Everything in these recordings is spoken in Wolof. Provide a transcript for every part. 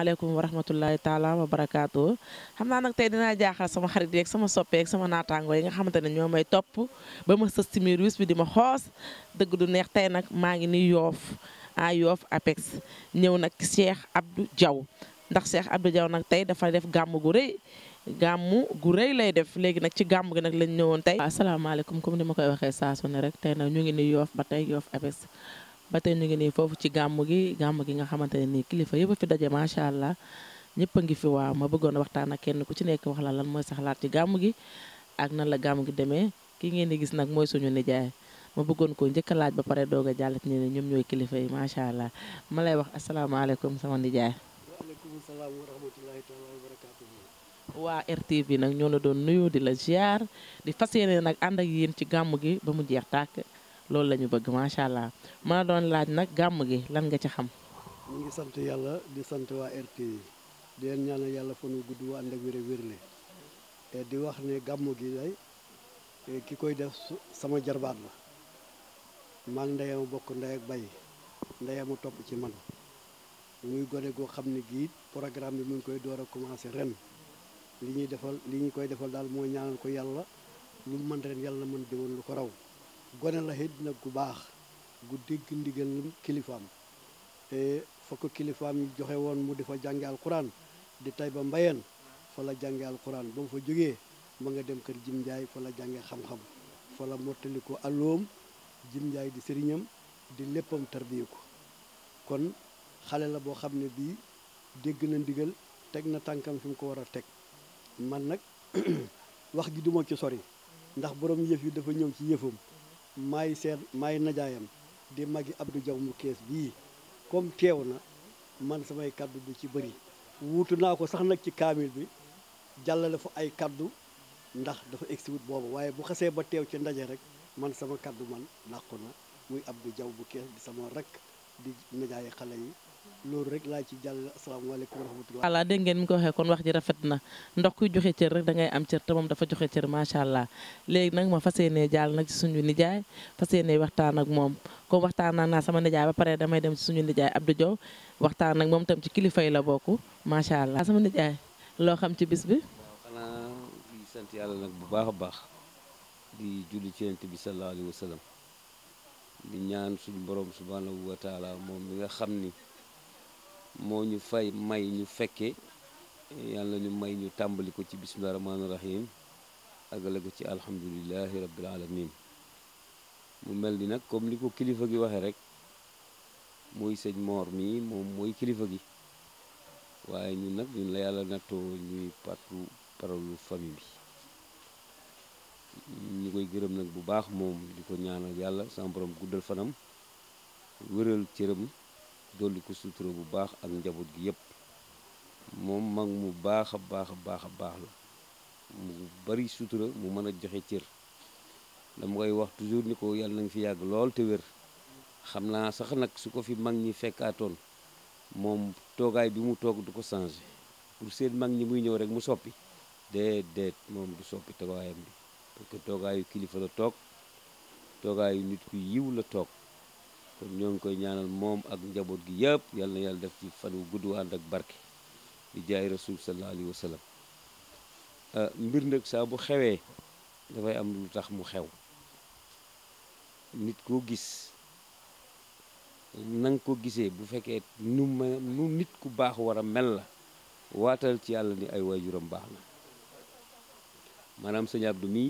asalaamaaleykum wa rahmatullahi taala wa barakaatu xam naa nag tey dinaa jaaxal sama xarit yeek sama soppeeg sama naataangoo yi nga xamante ne ñoo may topp ba ma sës ci miir bi di ma xoos dëgg du neex tey nag maa ngi ni yoof a yoof apex ñëw nag Cheikh Abdou Diaw ndax Cheikh Abdou jaw nag tey dafa def gàmm gu rëy gàmmu gu rëy lay def léegi nag ci gàmm gi nag lañ ñëwoon tey. asalaamaaleykum comme ni ma koy waxee saa ne rek tey nag ñu ngi ni yoof ba tey yoof apex batay ñu ngi ni fofu ci gamu gi gamu gi nga xamante ni kilifa yeb fi daje macha allah ñëpp a fi waaw ma bëggono waxtana kenn ku ci nekk wax la lan moy sax laati gamu gi ak nan la gamu gi démé ki ngeen ni gis nak moy suñu nijaay ma bëggon ko ñëk laaj ba paré doga jallat ñene ñom ñoy kilifa yi allah ma lay wax alaykum sama nijaay. wa RTV nak ñoo la doon nuyu di la ziar di fasiyene nak and ak yeen ci gamu gi ba mu jeex tak loolu lañu bëgg macha allah ma doon laaj nag gàmm gi lan nga ci xam. ñu ngi sant yàlla di sant waa rt di leen ñaanal yàlla fa wu gudd wa ànd ak wéré wérle di wax ne gàmm gi lay eh, ki koy def sama jarbaat la maa ngi ndeyam bokk ndey ak bay ndeyam topp ci man muy gone goo xam ne gii programme bi mu ngi koy door a commencé ren li ñuy defal li ñu koy defal daal mooy ñaanal ko yàlla lu mën ren yàlla mën déwén lu ko raw. gone la it nag gu baax gu dégg ndigal kilifaam te fa ko kilifaam yi joxe woon mu di fa jànge alquran di tay ba mbayeen fa la jànge alquran ba mu fa jógee ma nga dem kër Jim Njaay fa la jànge xam-xam fa la mottali ko alloom Jim Njaay di sëriñam di léppam tarbiye ko kon xale la boo xam ne bii dégg na ndigal teg na tànkam fi mu ko war a teg man nag wax ji duma ci sori ndax borom yëf yi dafa ñëw ci yëfam maay seen maay najaayam di magi Abdou Diaw mu kees bii kom teew na man samay kàddu du ci bëri wuutu naa ko sax nag ci kaamil bi jàllale fa ay kàddu ndax dafa egsiwut boobu waaye bu xasee ba teew ci ndaje rek man sama kàddu man làqu na muy Abdou jaw bu kees di sama rakk di najaayi xale yi loolu rek laa ci jàll asalaamaaleykum wa rahmatulah. ngeen ko waxee kon wax ji rafet na ndox kuy joxe cër rek dangay am cër te moom dafa joxe cër macha allah léegi nag ma fas yéenee jàll nag ci suñu nijaay fas ne waxtaan ak moom comme waxtaan naa sama nijaay ba pare damay dem ci suñu nijaay Abdou Diop waxtaan nag moom tam ci kilifa yi la bokk macha allah. sama nijaay loo xam ci bis bi. waaw xanaa di sant yàlla nag bu baax a baax di julli ci yonent bi sallallahu alayhi wa sallam di ñaan suñu borom subhanahu wa moom mi nga xam ni. moo ñu fay may ñu fekke yàlla ñu may ñu tàmbali ko ci bisimilah rahmaani rahim agale ko ci alhamdulilahi rabbil alamin mu mel ni nag comme li ko kilifa gi waxee rek mooy sëñ moor mi moom mooy kilifa gi waaye ñun nag ñun la yàlla nattoo ñuy partu parolu famille bi ñu koy gërëm nag bu baax moom di ko ñaanal yàlla sama borom guddal fanam wëral cëram dolli ko sutura bu baax ak njaboot gi yépp moom mag mu baax a baax baax a baax la mu bari sutura mu mën a joxe cër dama koy wax toujours ni ko yàlla nañ fi yàgg lool te wér xam naa sax nag su ko fi mag ñi fekkaatoon moom toogaay bi mu toog du ko changé pour seen mag ñi muy ñëw rek mu soppi déedéet moom du soppi toogaayam bi parce que toogaayu kilifa la toog toogaayu nit ku yiw la toog kon ñong koy ñaanal mom ak njabot gi yëpp yal na yàlla def ci fanu guddu and ak barke di jaay rasul sallallahu alaihi wasallam euh ah, mbir nak sa bu da fay am lu tax mu xew nit ko gis nang ko gisé bu féké nu nu nit ku bax wara mel la watal ci yalla ni ay wajuram bax na manam sëñ Abdou mi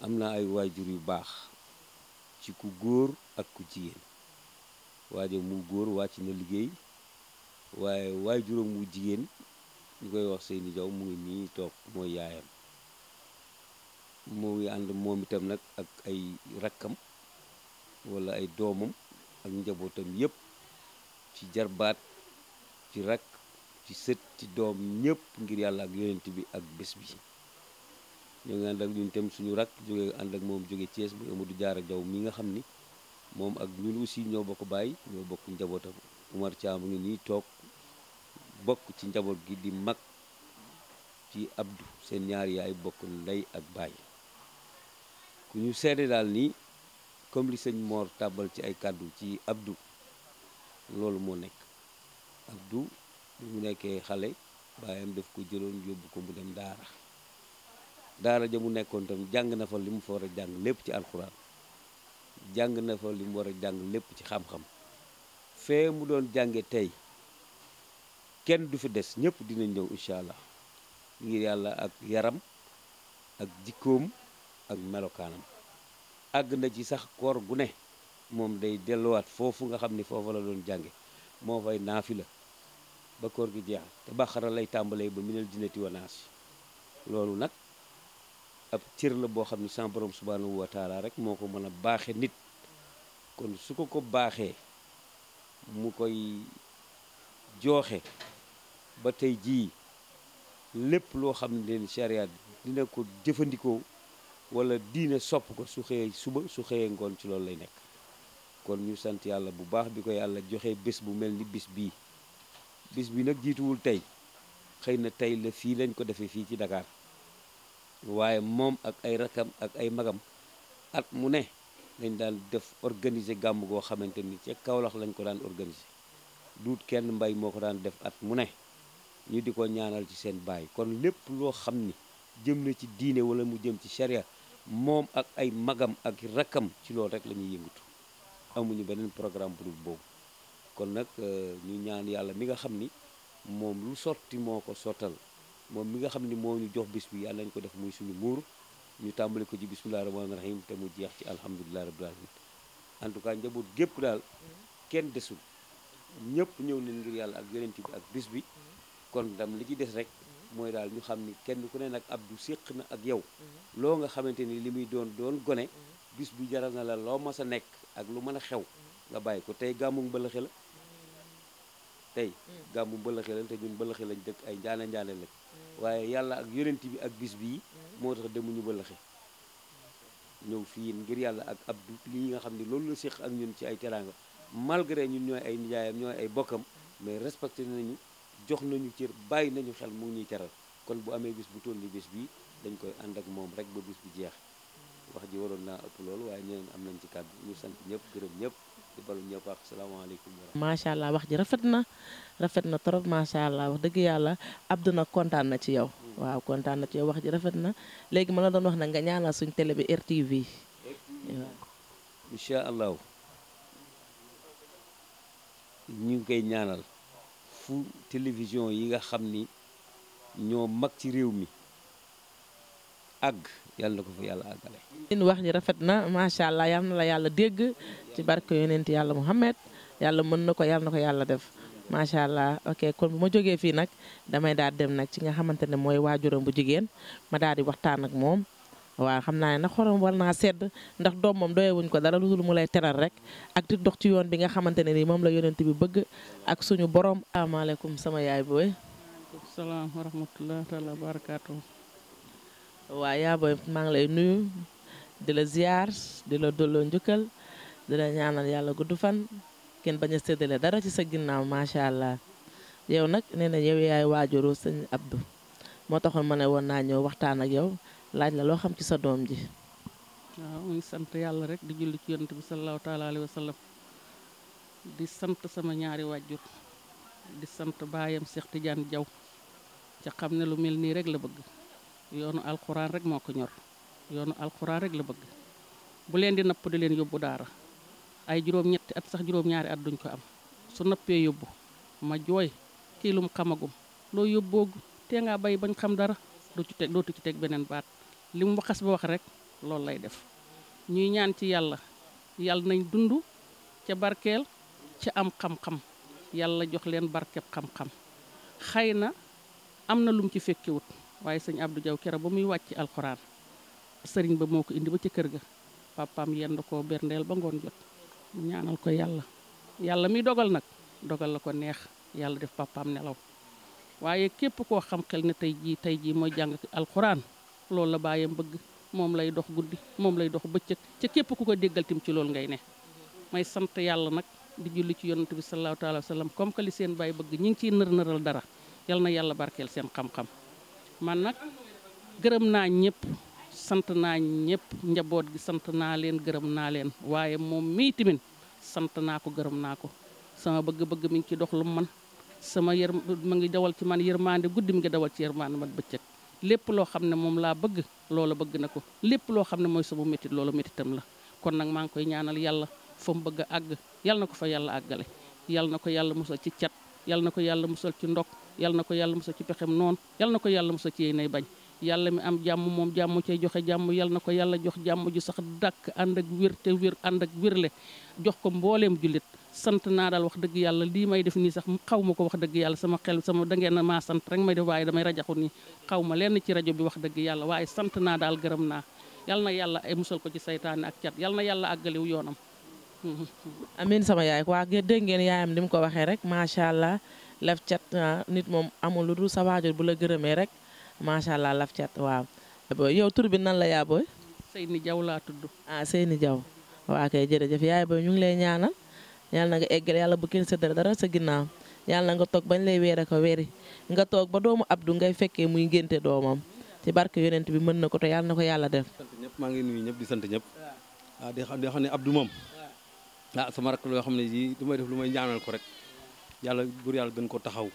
amna ay waajur yu ci ku ak ku jigen wajjo mu góor wacc na liggey waye waay juróom wu jigéen ni koy wax Seyni Jaw mu ngi nii toog mooy yaayam mu ngi and moom itam nag ak ay rakam wala ay domam ak njabotam yep ci jarbaat ci rak ci set ci dom ñep ngir yalla ak yoonent bi ak bes bi ñu ngi and ak ñun itam suñu rakk jóge and ak moom jóge Thiès muy Amadou Diarra jaw mi nga xamni moom ak ñun aussi ñoo bokk bàyyi ñoo bokk njabootam Umar Thiam ngi nii toog bokk ci njaboot gi di mag ci abdu seen ñaari yaay bokk ndey ak baay ku ñu seede daal ni comme li sëñ Mor tàbbal ci ay kàddu ci abdu loolu moo nekk Abdou bi mu nekkee xale baayam def ko jëloon yóbbu ko mu dem daara daara ja mu nekkoon tam jàng na fa li mu fa war a jàng lépp ci alxuraan jàng na fa li war a jàng lépp ci xam-xam fee mu doon jànge tey kenn du fi des ñëpp dinañ ñëw incha allah ngir yàlla ak yaram ak jikkoom ak melokaanam àgg na ci sax koor gu ne moom day delluwaat foofu nga xam ni foofu la doon jànge moo fay naafi la ba koor gi jeex te bàqara lay tàmbalee ba minal jinati wanaas loolu nag ab tir la bo xamni ne borom subhanahu wa taala rek moko ko baxé nit kon su ko ko baaxee mu koy joxé ba tay ji lepp lo xamni ne sharia dina ko defandiko wala dina sop ko su xey suba su xey ngon ci lay nek kon ñu sant yalla bu baax bi ko joxé joxe bis bu mel ni bis bi bis bi nak jitu wul tay xeyna tay la filen lañ ko defé fi ci Dakar waaye moom ak ay rakam ak ay magam at mu ne lañ daan def organiser gàmm goo xamante ni ca Kaolack lañ ko daan organiser duut kenn mbay moo ko daan def at mu ne ñu di ko ñaanal ci seen baay kon lépp loo xam ni jëm na ci diine wala mu jëm ci charia moom ak ay magam ak rakam ci loolu rek lañuy ñuy yëngatu amuñu beneen programme bu dul boobu kon nag euh, ñu ñaan yàlla mi nga xam ni moom lu sotti moo ko sottal moom mi nga xam ni moo ñu jox bis bi yàlla nañ ko def muy suñu muur ñu tàmbali ko ci bisimilah rahmaani rahim te mu jeex ci alhamdulilah rabbil alamin en tout cas njaboot gépp daal kenn desul ñëpp ñëw nañ ngir yàlla ak yonent bi ak bis bi kon ndam li ci des rek mooy daal ñu xam ni kenn ku ne nag Abdou séq na ak yow loo nga xamante ni li muy doon doon gone bis bi jaral na la loo mas a nekk ak lu mën a xew nga bàyyi ko tey gàmmu mbëlëxe la tey gàmmu mbëlëxe la te lañ dëkk ay njaane njaane lañ waaye yàlla ak yonent bi ak bis bii moo tax demuñu ba lëxe ñëw fii ngir yàlla ak abdu lii nga xam ne loolu la séq ak ñun ci ay teraanga malgré ñun ñooy ay nijaayam ñooy ay bokkam mais respecté nañu jox nañu cër bàyyi nañu xel mu ngi ñuy teral kon bu amee bis bu toll ni bis bii dañ koy ànd ak moom rek ba bis bi jeex wax ji waroon naa ëpp loolu waaye ñeneen am nañ ci kàddu ñu sant ñëpp gërëm ñëpp di balu ñëpp ak salaamaaleykum. allah wax ji rafet na rafet na trop macha allah wax dëgg yàlla Abdou kontaan na ci yow. Mm. waaw kontaan na ci yow wax ji rafet na léegi ma la doon wax na nga ñaanal suñ tele bi RTV. incha allah ñu koy ñaanal fu télévision yi nga xam ni ñoo mag ci réew mi àgg. yàlla na ko fa yàlla àggale. yéen wax ji rafet na macha allah yal na la yàlla dégg ci barke yonent yàlla Muhammad yàlla mën na ko yàlla na ko yàlla def macha allah ok kon bu ma jógee fii nag damay daal dem nag ci nga xamante ne mooy waajuram bu jigéen ma daal di waxtaan ak moom. waa xam naa ne nag xorom war naa sedd ndax doomam wuñ ko dara lu dul mu lay teral rek ak di dox ci yoon bi nga xamante ne ni moom la yonent bi bëgg ak suñu borom. asalaamaaleykum sama yaay boo waaw yaa booy maa ngi lay nuyu di la ziar di la dolloo njëkkal di la ñaanal yàlla gudd fan kenn bañ a séddale dara ci sa ginnaaw macha allah yow nag nee na yow yaay waajuru sëñ Abdou moo taxoon ma ne woon naa ñëw waxtaan ak yow laaj la loo xam ci sa doom ji. waaw ñu sant yàlla rek di julli ci yonent bi sallallahu taala alayhi wa sallam di sant sama ñaari waajur di sant baayam Cheikh Tidiane Diaw ca xam ne lu mel nii rek la bëgg. yoonu alquran rek reg ñor yoonu alquran rek la bëgg bu leen di napp di leen yobbu dara ay juroom ñetti at sax juroom ñaari at duñ ko am su nappee yobbu ma joy kii lum xamagum loo yóbboogu tee nga bay bañ xam dara do ci tek do ci tek benen baat li waxas ba wax rek lool lay def ñuy ñaan ci yalla yalla nañ dundu ci barkel ci am xam-xam yalla jox leen barkep xam-xam xëy amna am na lum ci fekkewut waaye sëñ Abdou Diaw kero ba muy wàcc alxuraan sëriñ ba moo ko indi ba ci kër ga papaam yendu koo berndeel ba ngoon jot ñaanal ko yàlla yàlla mi dogal nag dogal la ko neex yàlla def papaam nelaw waaye képp koo xam xel ne tey jii tey jii mooy jàng alxuraan loolu la baayam bëgg moom lay dox guddi moom lay dox bëccëg ca képp ku ko déggal tim ci loolu ngay ne may sant yàlla nag di julli ci yonent bi sallallahu taala wa sallam comme que seen baay bëgg ñi ngi ciy nër nëral dara yal na yàlla barkeel seen xam man nag gërëm naa ñëpp sant naa ñëpp njaboot gi sant naa leen gërëm naa leen waaye moom mii tamit sant naa ko gërëm naa ko sama bëgg-bëgg mi ngi ci dox lu man sama yër mu ngi dawal ci man maande guddi mi ngi dawal ci yërmande man bëccëg lépp loo xam ne moom laa bëgg loola bëgg na ko lépp loo xam ne mooy sama métit loola métitam la kon nag maa ngi koy ñaanal yàlla fa bëgg a àgg yàlla na ko fa yàlla àggale yàlla na ko yàlla musal ci cat yàlla yal na ko yàlla musa ci pexem noonu yal na ko yàlla musa ci yéen nay bañ yàlla mi am jàmm moom jàmm cay joxe jàmm yal na ko yàlla jox jàmm ju sax dàkk ànd ak wér te wér ànd ak wérle jox ko mbooleem jullit sant naa daal wax dëgg yàlla lii may def nii sax xaw ma ko wax dëgg yàlla sama xel sama dangeen maa sant rek may def waaye damay rajaxu nii xaw ma lenn ci rajo bi wax dëgg yàlla waaye sant naa daal gërëm naa yal na yàlla ay eh, musal ko ci saytaane ak cat yal na yàlla àggaliw yoonam. amiin sama yaay waa dégg laf cat ah, nit moom amul lu dul sa waajur bu la gërëmee rek macha allah laf cat waaw. yow tur nan la yaa booy. ni Diaw laa tudd. ah Seyni Diaw waa kay jërëjëf yaay booy ñu ngi lay ñaanal yàlla na nga eggale yàlla bu kenn sa dara dara sa ginnaaw yàlla na nga toog bañ lay weer ko weeri nga toog ba doomu Abdou ngay fekkee muy ngénte doomam ci barke yonent bi mën na ko to yàlla na ko yàlla def. ñëpp maa ngi nuyu ñëpp di sant ñëpp. ah di xam ne Abdou moom. ah sama rakk loo xam ne ji du may lu may ñaanal ko yàlla buur yàlla gën ko taxaw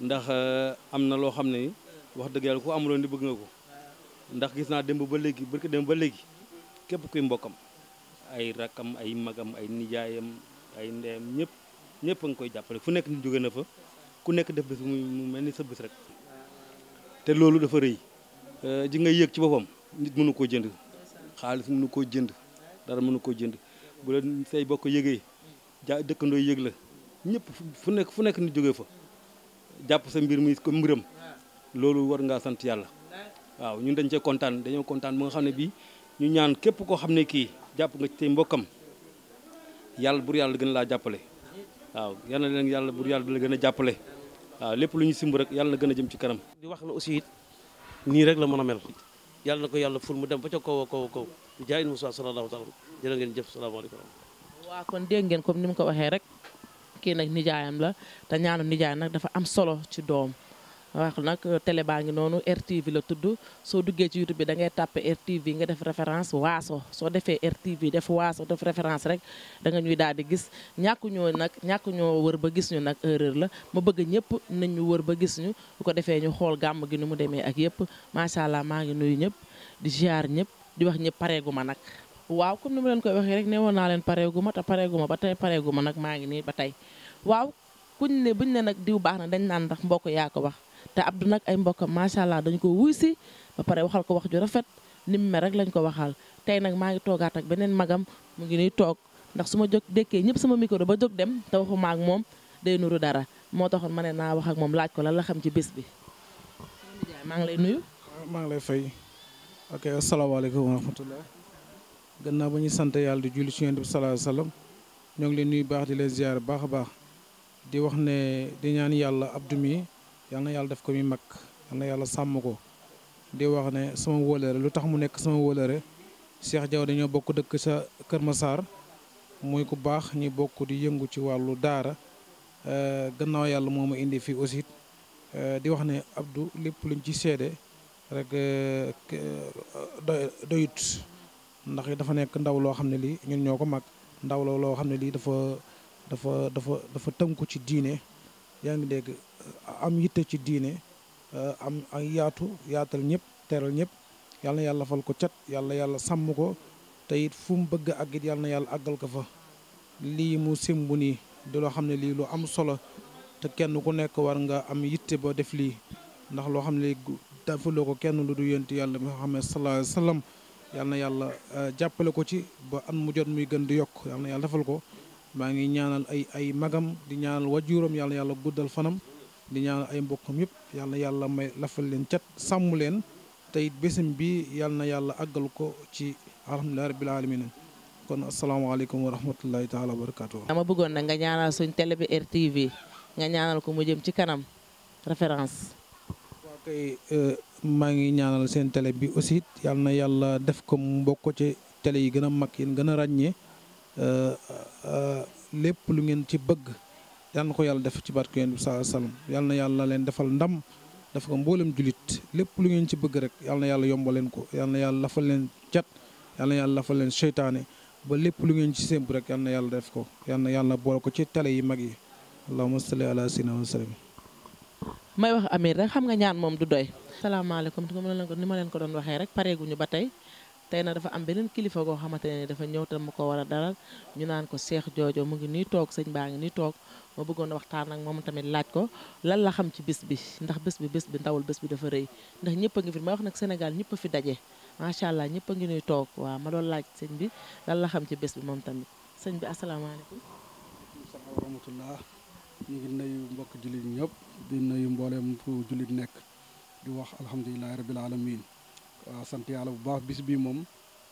ndax eh, am na loo xam ne wax dëgg yàlla ku amuloon ni bëgg nga ko ndax gis naa démb ba léegi barki démb ba léegi képp kuy mbokkam ay rakkam ay magam ay nijaayam ay ndeyam ñëpp ñëpp a nga koy jàppale fu nekk ñu jóge na fa ku nekk def bés mu mel ni sa bés rek te loolu dafa rëy eh, ji nga yëg ci boppam nit mënu koo jënd xaalis mënu koo jënd dara mënu koo jënd bu la say bokk yëgee ja dëkkandoo yëg la ñepp fu nek fu nek nit joge fa japp sa mbir muy ko mbiram lolu war ngasanti sant yalla waaw ñun dañ ci contane dañu contane mo xamne bi ñu ñaan kep ko xamne ki japp nga ci tay mbokam yalla bur yalla gën la jappalé waaw yal leen yalla bur yàlla la gën a jàppale waaw lepp lu ñu simb rek yalla na gën a jëm ci karam di wax la aussi ni rek la mëna mel yalla nako yalla ful mu dem ba ca ko ko ko sallallahu alaihi wa sallam ngeen jëf wa kon deeng ngeen comme nim ko waxe rek. kii nag nijaayam la te ñaanu nijaay nag dafa am solo ci doom wax nag euh, télé baa ngi noonu RTV la tudd soo duggee ci YouTube bi da ngay tàppe RTV nga def référence waaso soo defee RTV def waaso def référence rek da ñuy daal di gis ñàkku ñoo nag ñàkku wër ba gis ñu nag erreur la ma bëgg ñëpp nañ ñu wër ba gis ñu bu ko defee ñu xool gàmm gi nu mu demee ak yëpp macha allah maa ngi nuyu ñëpp di ziar ñëpp di wax ñëpp pareeguma nag. waaw comme ni ma leen waxee rek ne woon naa leen pareeguma te pareeguma ba tey pareeguma nag maa ngi nii ba tey. waaw kuñ ne buñ ne nag diw baax na dañ naan ndax mbokk yaa ko wax te abdu nag ay mbokkam macha allah dañ ko wuy si ba pare waxal ko wax ju rafet nim me rek lañ ko waxal tey nag maa ngi toogaat ak beneen magam mu ngi nuy toog ndax su ma jóg dékkee ñëpp sama micro ba jóg dem te waxuma maak moom day nuru dara moo taxoon ma ne naa wax ak moom laaj ko lan la xam ci bés bi. maa ngi lay nuyu. maa ngi lay fay. ok asalaamaaleykum wa rahmatulah. gannaaw ba ñuy sant yàlla di julli ci yonent bi sallallahu alayhi wa sallam nuyu baax di leen ziar baax a baax. di wax ne di ñaan yalla abdu mi yalla na def ko mi mak yalla yalla sam ko di wax ne sama wóolare lu tax mu nek sama wóolare Cheikh jaw dañu bokk dekk sa Kër Massar muy ku bax ñi bokk di yëngu ci walu daara euh, gannaaw yalla moma indi fi aussi euh, di wax ne Abdou lepp luñ ci sédé rek euh, doyut ndax dafa nek ndaw lo xamne li ñun ñoko mak ndaw lo lo xamne li dafa. dafa dafa dafa tënku ci diine yaa ngi dégg am yitte ci diine am ay yaatu yaatal ñëpp teral ñëpp yal na yàlla fal ko cat yàlla yàlla sàmm ko te it fu mu bëgg ak it yal na yàlla àggal ko fa lii mu simbu nii di loo xam ne lii lu am solo te kenn ku nekk war nga am yitte ba def lii ndax loo xam ne defuloo ko kenn lu du yonent yàlla Muhammad sallallahu alayhi wa sallam yàlla na yàlla jàppale ko ci ba at mu jot muy gën di yokk yal yàlla defal ko maa ngi ñaanal ay ay magam di ñaanal wajuuram yàlla yàlla guddal fanam di ñaanal ay mbokkam yëpp yàlla yàlla may lafal leen cat sàmm leen tey bésim bi yàlla na yàlla àggal ko ci alhamdulilah rabbil alamin kon asalaamaaleykum wa rahmatullahi taala wa barakaatu. dama bëggoon nag nga ñaanal suñ télé bi RTV nga ñaanal ko mu jëm ci kanam référence. Euh, maa ngi ñaanal seen tele bi aussi yàlla na yàlla def ko mu bokk ci télé yi gën a mag yéen gën a ràññee. Euh, euh, lépp lu ngeen ci bëgg yal na ko yàlla def ci barke Yonent bi sallallahu alayhi yàlla yal na yàlla leen defal ndam dafa ko mboolem julit lépp lu ngeen ci bëgg rek yal yàlla yombal leen ko yal na yàlla lafal leen cat yal yàlla lafal leen seytaane ba lépp lu ngeen ci sémb rek yal na yàlla def ko yal na yàlla boole ko ci tele yi mag yi allahumma salli ala sayyidina wa sallam may wax Amir xam nga ñaan moom du doy. salaamaaleykum ni ma leen ko ni ma leen ko doon waxee rek pareeguñu ba tey. tey na dafa am beneen kilifa goo xamante ne dafa ñëw te mu ko war a dalal ñu naan ko Cheikh Jojo mu ngi nii toog sëñ baa ngi nii toog ma bëggoon a waxtaan ak moom tamit laaj ko lan la xam ci bis bi ndax bis bi bis bi ndawul bis bi dafa rëy ndax ñëpp a ngi fi may wax nag Sénégal ñëpp a fi daje macha allah ñëpp a ngi nuy toog waaw ma doon laaj sëñ bi lan la xam ci bis bi moom tamit sëñ bi asalaamaaleykum. wa rahmatullah ñu ngi nuyu mbokk jullit ñëpp di nuyu mbooleem fu jullit nekk di wax alhamdulilahi rabil alamin waaw sant yàlla bu baax bis bii moom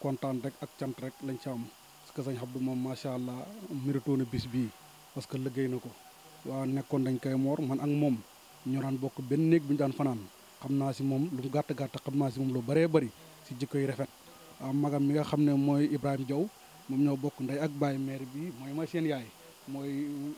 kontaan rek ak cant rek lañ ci am parce que sëñ Abdou moom macha allah mérito na bis bii parce que liggéey na ko waaw nekkoon dañ koy moor man ak moom ñu daan bokk benn néeg bu ñu daan fanaan xam naa si moom lu mu gàtt gàtt xam naa si moom lu baree bari si jikko yi rafet waaw magam mi nga xam ne mooy Ibrahima Diaw moom ñoo bokk ndey ak baay maire bi mooy mooy seen yaay mooy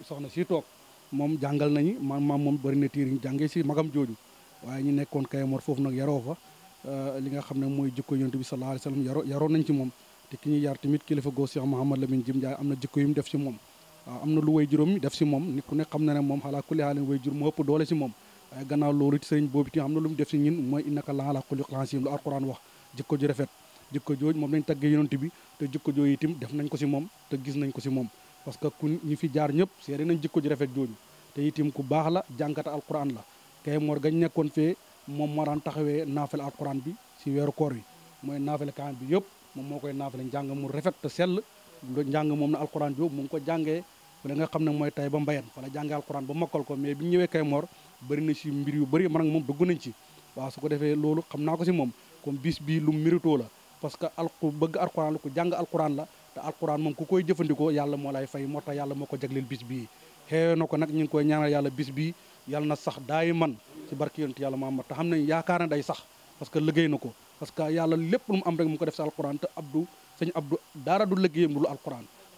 soxna si toog moom jàngal nañu man maam moom bëri na tiir ñu si magam jooju waaye ñu nekkoon kay moor foofu nag yaroo fa Euh, li nga xam ne mooy jikko yonent bi sallallahu alayhi wa sallam yaro yaroon nañ ci moom te ki ñuy yar tamit kilifa goo Cheikh Mouhamad Lamine na moom waaw am na lu way juróom def si moom nit ku ne xam na ne moom xalaa kulli xaalin way jur moo ëpp doole si moom waaye gannaaw loolu it sëriñ boobu lu mu si ñun lu alquran wax jikko ju rafet jikko jooju moom lañ taggee yonent bi te jikko jooju itam def nañ ko si moom te gis nañ ko si moom parce que ku ñu fi jaar ñëpp seere nañ jikko ju rafet jooju te itam ku baax la jànkata alquran la kay mor gañ nekkoon fee mom mo ran taxawé nafil alquran bi ci weeru koor yi moy nafil kan bi yépp mom moo koy naafale mu rafet te sell jang mom na alquran bi mu ngi ko jangé bu nga xamné moy tay ba mbayen fa la jàngee alquran ba mokkal ko mais bi ñëwé kay mor bari na ci mbir yu bari man ak mom duggu nañ ci wa su ko défé lolu xamna ko ci mom comme bis bi lu mérito la parce que alqu bëgg alquran la ku alquran la te alquran mom ku koy jëfëndiko yalla mo lay fay mo ta yalla mo ko bis bi xeewee nako ko ñing koy ñaanal yalla bis bi yàlla na sax daay man ci barki yonent yàlla Muhammad te xam nañ yaakaar na day sax parce que liggéey na ko parce que yàlla lépp lu mu am rek mu ko def si alquran te abdu sëñ abdu dara du liggéeyam lu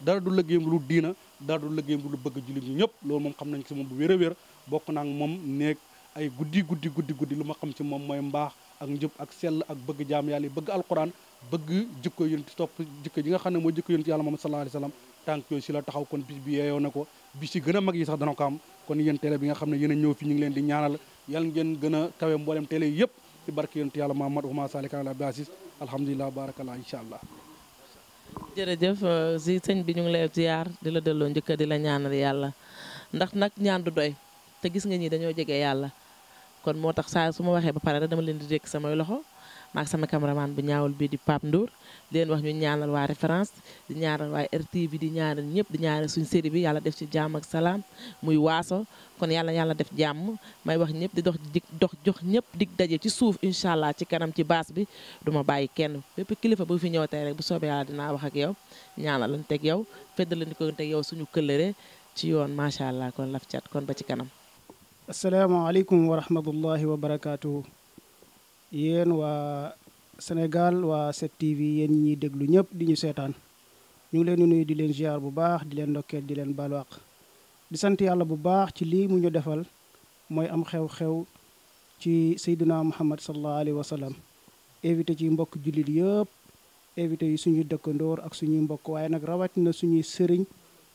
dara du liggéeyam lu diina dara du liggéeyam lu bëgg jullit ñi ñëpp loolu moom xam nañ si moom bu wér a wér bokk naa moom néeg ay guddi guddi guddi guddi lu ma xam ci moom mooy mbaax ak njub ak sell ak bëgg jaam yàlla yi bëgg alquran bëgg jikko yonent topp jikko ji nga xam ne mooy jikko yonent yàlla moom sallallahu alayhi si la taxaw kon bis bi yeeyoo na ko bis si gën a mag yi sax dana ko am kon yéen télé bi nga xam ne yéen a ñëw fi ñu ngi leen di ñaanal yal ngeen gën a kawe mboolem télé yëpp ci barke yonent yàlla Muhammad uma salika ala basis alhamdulilah barakallah incha allah jërëjëf euh, si sëñ bi ñu ngi lay ziar di la delloo njëkk di la ñaanal yàlla ndax nag ñaan du doy te gis nga ñi dañoo jege yàlla kon moo tax saa su ma waxee ba pare dama leen di dékk samay loxo maak sama cameraman bu ñaawul bii di Pape Ndour leen wax ñu ñaanal waa référence di ñaanal waa RTV di ñaanal ñëpp di ñaanal suñu série bi yàlla def ci jàmm ak salaam muy waaso kon yàlla yàlla def jàmm may wax ñëpp di dox dox jox ñëpp dig daje ci suuf incha allah ci kanam ci baas bi duma bàyyi kenn bépp kilifa bu fi ñëw tey rek bu soobee yàlla dinaa wax ak yow ñaanal lan teg yow feddal ni ko teg yow suñu këllëre ci yoon macha allah kon laf cat kon ba ci kanam. yéen waa Sénégal waa 7TV yéen ñiy déglu ñëpp di ñu seetaan ñu ngi leen di nuyu di leen ziar bu baax di leen ndokkeel di leen baalu di sant yàlla bu baax ci lii mu ñu defal mooy am xew-xew ci sayduna muhammad sallallahu alayhi wa sallam évité ci mbokk jullit yëpp évité yi suñuy dëkkandoor ak suñuy mbokk waaye nag rawatina suñuy sëriñ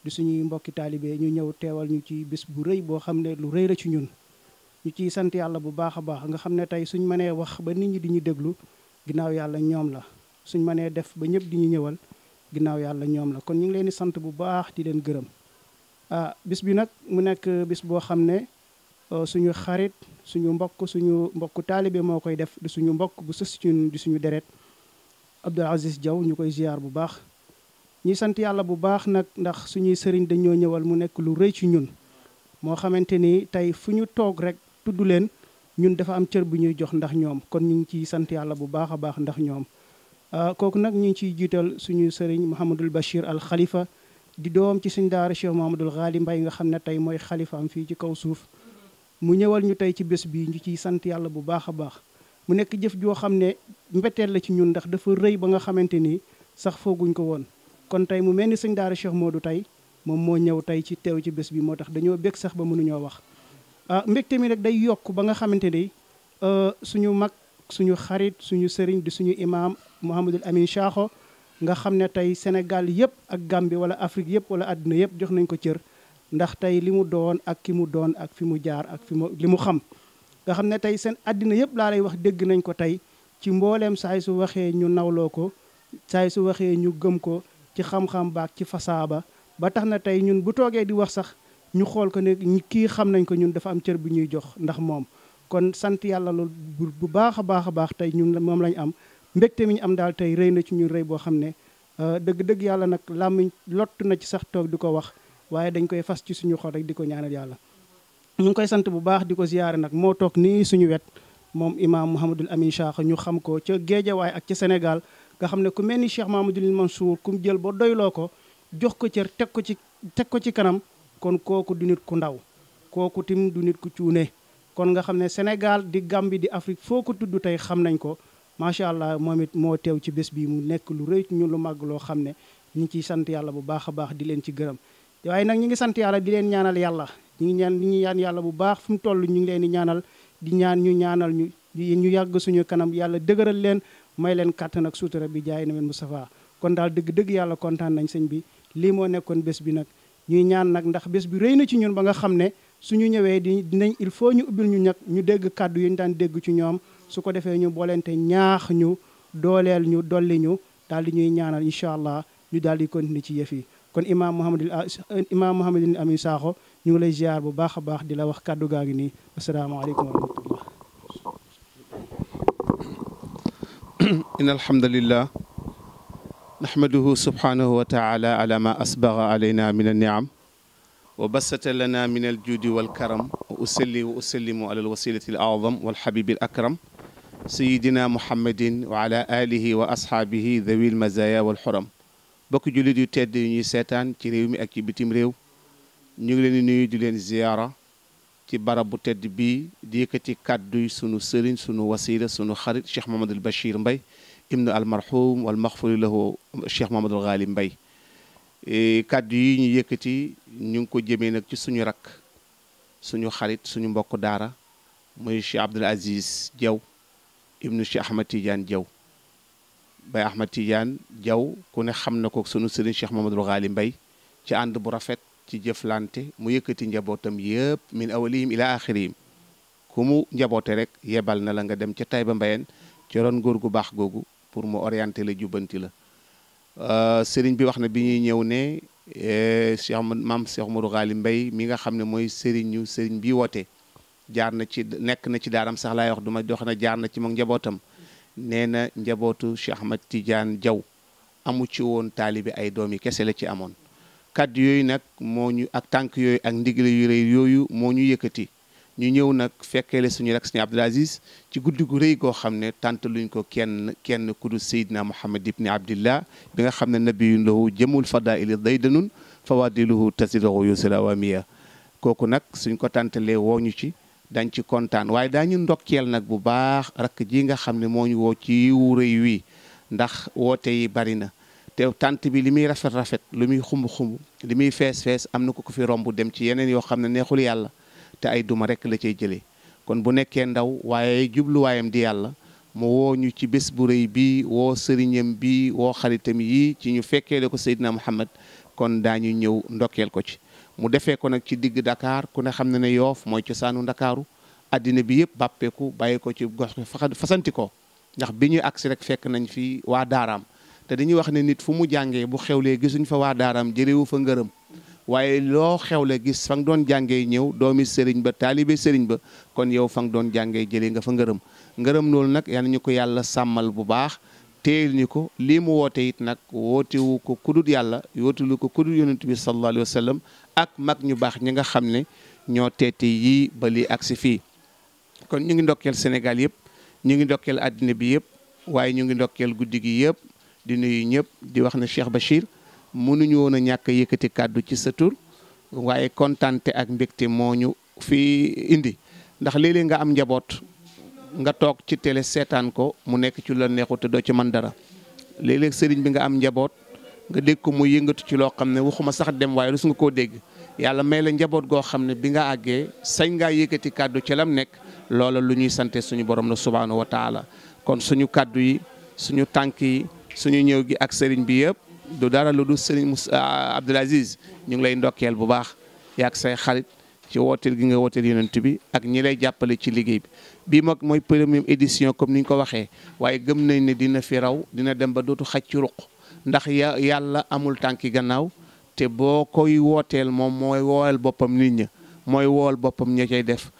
di suñuy mbokki taalibe ñu ñëw teewal ñu ci bis bu rëy boo xam ne lu rëy la ci ñun ñu ciy sant yàlla bu baax a baax nga xam ne tey suñ mënee wax ba nit ñi di ñu déglu ginnaaw yàlla ñoom la suñ mënee def ba ñëpp di ñu ñëwal ginnaaw yàlla ñoom la kon ñu ngi leen di sant bu baax di leen gërëm ah bis bi nag mu nekk bis boo xam ne euh, suñu xarit suñu mbokk suñu mbokk taalibe moo koy def di suñu mbokk bu sës di suñu deret Abdou Aziz Diaw ñu koy ziar bu baax ñi sant yàlla bu baax nag ndax suñuy sëriñ dañoo ñëwal mu nekk lu rëy ci ñun moo xamante ni tey fu rek tudd leen ñun dafa am cër bu ñuy jox ndax ñoom kon ñu ngi ciy sant yàlla bu baax a baax ndax ñoom ah, kooku nag ñu ngi ciy jiital suñuy sëriñ Mouhamadul Bachir al di doom ci suñ daara Cheikh Mouhamadul Ghali Mbaye nga xam ne tey mooy xalifa fii ci kaw suuf mu ñëwal ñu tey ci bés bi ñu ciy sant yàlla bu baax a baax mu nekk jëf joo xam ne mbeteel la ci ñun ndax dafa rëy ba nga xamante ni sax fooguñ ko woon kon tey mu mel ni suñ daara Cheikh Modou tey moom moo ñëw tey ci teew ci bés bi moo tax dañoo bég sax ba mënuñoo wax Ah, mbégte mi rek day yokk ba nga xamante ni euh, suñu mag suñu xarit suñu sëriñ di suñu imaam Mouhamadul Amin Sakho nga xam ne tey Sénégal yëpp ak Gambie wala Afrique yëpp wala àdduna yëpp jox nañ ko cër ndax tey li mu doon ak ki mu doon ak fi mu jaar ak fi mu li mu xam nga xam ne tey seen àddina yëpp laa wax dégg nañ ko tey ci mbooleem saay su waxee ñu nawloo ko saay su waxee ñu gëm ko ci xam-xam baak ci fasaaba ba tax na tey ñun bu toogee di wax sax ñu xool ko ne kii xam nañ ko ñun dafa am cër bu ñuy jox ndax moom kon sant yàlla loolu bu baax a baax a baax tey ñun moom lañ am mbégte mi ñu am daal tey rëy na ci ñu rëy boo xam ne dëgg-dëgg euh, yàlla nag làmmiñ lott na ci sax toog di ko wax waaye dañ koy fas ci suñu xol rek di ko ñaanal yàlla ñu ngi koy sant bu baax di ko ziyaare nag moo toog nii suñu wet moom imaam Mouhamadul Amin Sakho ñu xam ko ca Géejawaay ak ca Sénégal nga xam ne ku mel ni Cheikh Mouhamadoul Mansour ku mu jël ba doyloo ko jox ko cër teg ko ci teg ko ci kanam kon kooku du nit ku ndaw kooku tim du nit ku cuune kon nga xam ne Sénégal di gàmbi di Afrique foo ko tudd tey xam nañ ko macha allah moom it moo teew ci bés bi mu nekk lu rëy ñu lu màgg loo xam ne ñu ciy sant yàlla bu baax a baax di leen ci gërëm waaye nag ñu ngi sant yàlla di leen ñaanal yàlla ñu ngi ñaan ñu ngi ñaan yàlla bu baax fu mu toll ñu ngi leen di ñaanal di ñaan ñu ñaanal ñu ñu yàgg suñu kanam yàlla dëgëral leen may leen kàttan ak suutara bi jaay na men Moustapha kon daal dëgg-dëgg yàlla kontaan nañ sëñ bi lii moo nekkoon bés bi nag ñuy ñaan nag ndax bés bi rëy na ci ñun ba nga xam ne su ñu ñëwee di dinañ il faut ñu ubbil ñu ñag ñu dégg kàddu yu ñu daan dégg ci ñoom su ko defee ñu booleente ñaax ñu dooleel ñu dolli ñu daal di ñuy ñaanal incha allah ñu daal di continuer ci yëf yi kon imaam Mouhamadul imaam Mouhamadul Amin Sakho ñu ngi lay ziar bu baax a baax di la wax kàddu gaa ngi nii asalaamaaleykum wa rahmatullah in alhamdulillah نحمده سبحانه وتعالى على ما أسبغ علينا من النعم وبسط لنا من الجود والكرم وأسلي وأسلم على الوسيلة الأعظم والحبيب الأكرم سيدنا محمد وعلى آله وأصحابه ذوي المزايا والحرم bokk jullit yu tedd yu ñuy seetaan ci réew mi ak ci bitim réew ñu ngi leen di nuyu di leen ziyaara ci barab bu tedd bii di yëkkati kàdduy sunu sëriñ sunu wasila sunu xarit Cheikh Mamadou Bachir Mbaye ibnu almarhum wal maxfuri lahu cheikh Mamadou Ghali Mbaye kàddu yi ñu yëkkati ñu ngi ko jëmee nag ci suñu rakk suñu xarit suñu mbokk daara muy cheikh Abdoul Aziz Diaw ibnu cheikh Ahmad Tidiane Diaw Baye Ahmad Tidiane Diaw ku ne xam na ko sunu sëriñ cheikh Mamadou Ghali Mbaye ci ànd bu rafet ci jëflante mu yëkkati njabootam yëpp min awalihim ila axirihim ku mu njaboote rek yebal na la nga dem ca Taïba Mbayeen ci ron góor gu baax googu pour mu orienter la jubbanti la euh, sëriñ bi wax na bi ñuy ñëw ne eh, Cheikh maam Cheikh Modou Ghali Mbaye mi nga xam ne mooy sëriñu sëriñ bi woote jaar na ci nekk na ci daaram sax laay wax duma jox jaar na ci moom njabootam nee na njabootu Cheikh Ahmad Tidiane Diaw amu ci woon taalibi ay doom kese la ci amoon kàddu yooyu nag moo ñu ak tànk yooyu ak ndigal yu rëy yooyu moo ñu yëkkati ñu ñëw nag fekkeele suñu rek suñu Abdul Aziz ci guddi gu rëy goo xam ne tant luñ ko kenn kenn ku dul Seydina Muhammad ibni Abdillah bi nga xam ne yu lahu jëmul day da fa fadaili daydanun fawadiluhu tasidahu yusra wamiya kooku nag suñ ko tàntalee wooñu ci dañ ci kontaan waaye daañu ndokkeel nag bu baax rakk ji nga xam ne moo ñu woo ci yiwu rëy wi ndax woote yi bari na te tant bi li muy rafet rafet lu muy xumb xumb li muy fees fees am na ko ko fi romb dem ci yeneen yoo xam ne neexul yàlla te ay duma rek la cay jëlee kon bu nekkee ndaw waaye jubluwaayam di yàlla mu wooñu ci bés bu rëy bi woo sëriñam bi woo xaritam yi ci ñu fekkee ko Seydina Muhammad kon daañu ñëw ndokkeel ko ci mu defee ko nag ci digg ndakaar ku ne xam na ne Yoof mooy cosaanu Ndakaaru àddina bi yëpp bàppeeku bàyyi ko ci gox fasanti ko ndax bi ñuy agsi rek fekk nañ fi waa daaraam te dañuy wax ne nit fu mu jàngee bu xewlee gisuñ fa waa daaraam jërewu fa ngërëm waaye loo xewle gis fa doon jàngee ñëw doomi sëriñ ba taalibe sëriñ ba kon yow fa nga doon jàngee jëlee nga fa ngërëm ngërëm loolu nag yal nañu ko yàlla sàmmal bu baax téel ñu ko lii mu woote it nag wootewu ko kudut yàlla wootewu ko kudut yonent bi sallallahu alayhi ak mag ñu baax ñi nga xam ne ñoo teete yii ba lii agsi fii kon ñu ngi ndokkeel Sénégal yëpp ñu ngi ndokkeel àddina bi yëpp waaye ñu ngi ndokkeel guddi gi yëpp di nuyu ñëpp di wax ne Cheikh Bachir mënuñu woon a ñàkk yëkkati kàddu ci sa tur kontante ak mbégte moo fi indi ndax léeg nga am njaboot nga toog ci télé seetaan ko mu nekk ci la neexu te doo ci mën dara léeg sëriñ bi nga am njaboot nga dégg ko muy yëngatu ci loo xam waxuma sax dem waaye rus nga koo dégg yàlla may la njaboot goo xam ne bi nga àggee sañ ngaa yëkkati kàddu ci lam nekk lu ñuy suñu borom la wa taala kon suñu kàddu yi suñu tànk suñu ñëw gi ak sëriñ bi du dara lu du sëriñ Moussa ah, Abdoul ñu ngi lay ndokkeel bu baax yaag say xarit ci wooteel gi nga wooteel yonent bi ak ñi lay jàppale ci liggéey bi bii mag mooy première édition comme ni ñu ko waxee waaye gëm nañ ne dina fi raw dina dem ba dootu xaj ci ruq ndax ya yàlla amul tànki gannaaw te boo koy wooteel moom mooy woowal boppam nit ña mooy woowal boppam ña cay def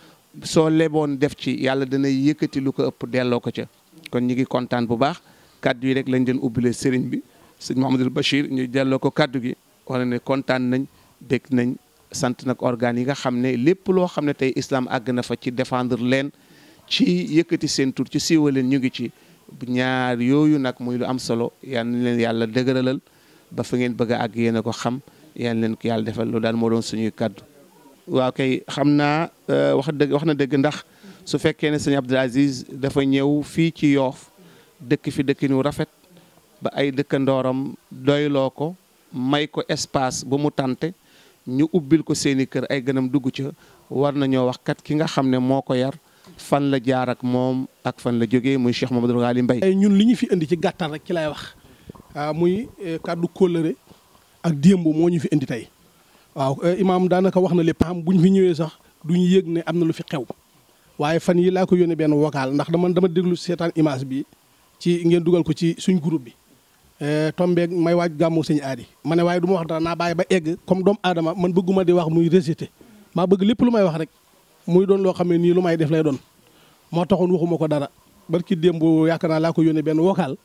soo leboon def ci yàlla dana yëkkati lu ko ëpp delloo ko ca kon ñu ngi kontaan baax kàddu yi rek lañ doon ubbile sëriñ bi sëñ Mouhamadul Bachir ñu delloo ko kàddu gi wax ne kontaan nañ dégg nañ sant nag organes yi nga xam lépp loo xam ne islam àgg na fa ci défendre leen ci yëkkati seen tur ci siiwa leen ñu ngi ci ñaar yooyu nag muy lu am solo yal na leen yàlla dëgëralal ba fa ngeen bëgg a àgg ko xam yal leen ko yàlla defal loolu daal moo doon suñuy kàddu waaw kay xam wax dëgg wax na ndax su fekkee ne sëñ Abdul Aziz dafa ñëw fii ci yoof dëkk fi dëkkin wu rafet ba ay dëkkandooram doyloo ko may ko espace bu mu tante ñu ubbil ko seeni kër ay gënam dugg ca war nañoo wax kat ki nga xam ne moo ko yar fan la jaar ak moom ak fan la jógee muy Cheikh Mamadou Ghali Mbaye ñun li ñu fi indi ci gàttal rek ci lay wax waaw ah, muy eh, kàddu kóllëre ak démb moo ñu fi indi tey waaw eh, imaam daanaka wax na lépp xam bu ñu fi ñëwee sax du ñu yëg ne am na lu fi xew waaye fan yi laa ko yónnee benn vocal ndax dama dama déglu seetaan image bi ci ngeen dugal ko ci suñ groupe bi Eh, tombe may waaj gàmmu sëñ aadi ma ne waaye du ma wax dara naa bàyyi ba egg comme doomu aadama man bëgguma di wax muy récité maa bëgg lépp lu may wax rek muy doon loo xam ne nii lu may def lay doon moo taxoon waxuma ko dara barki démb yaakaar naa laa ko yónnee benn vocal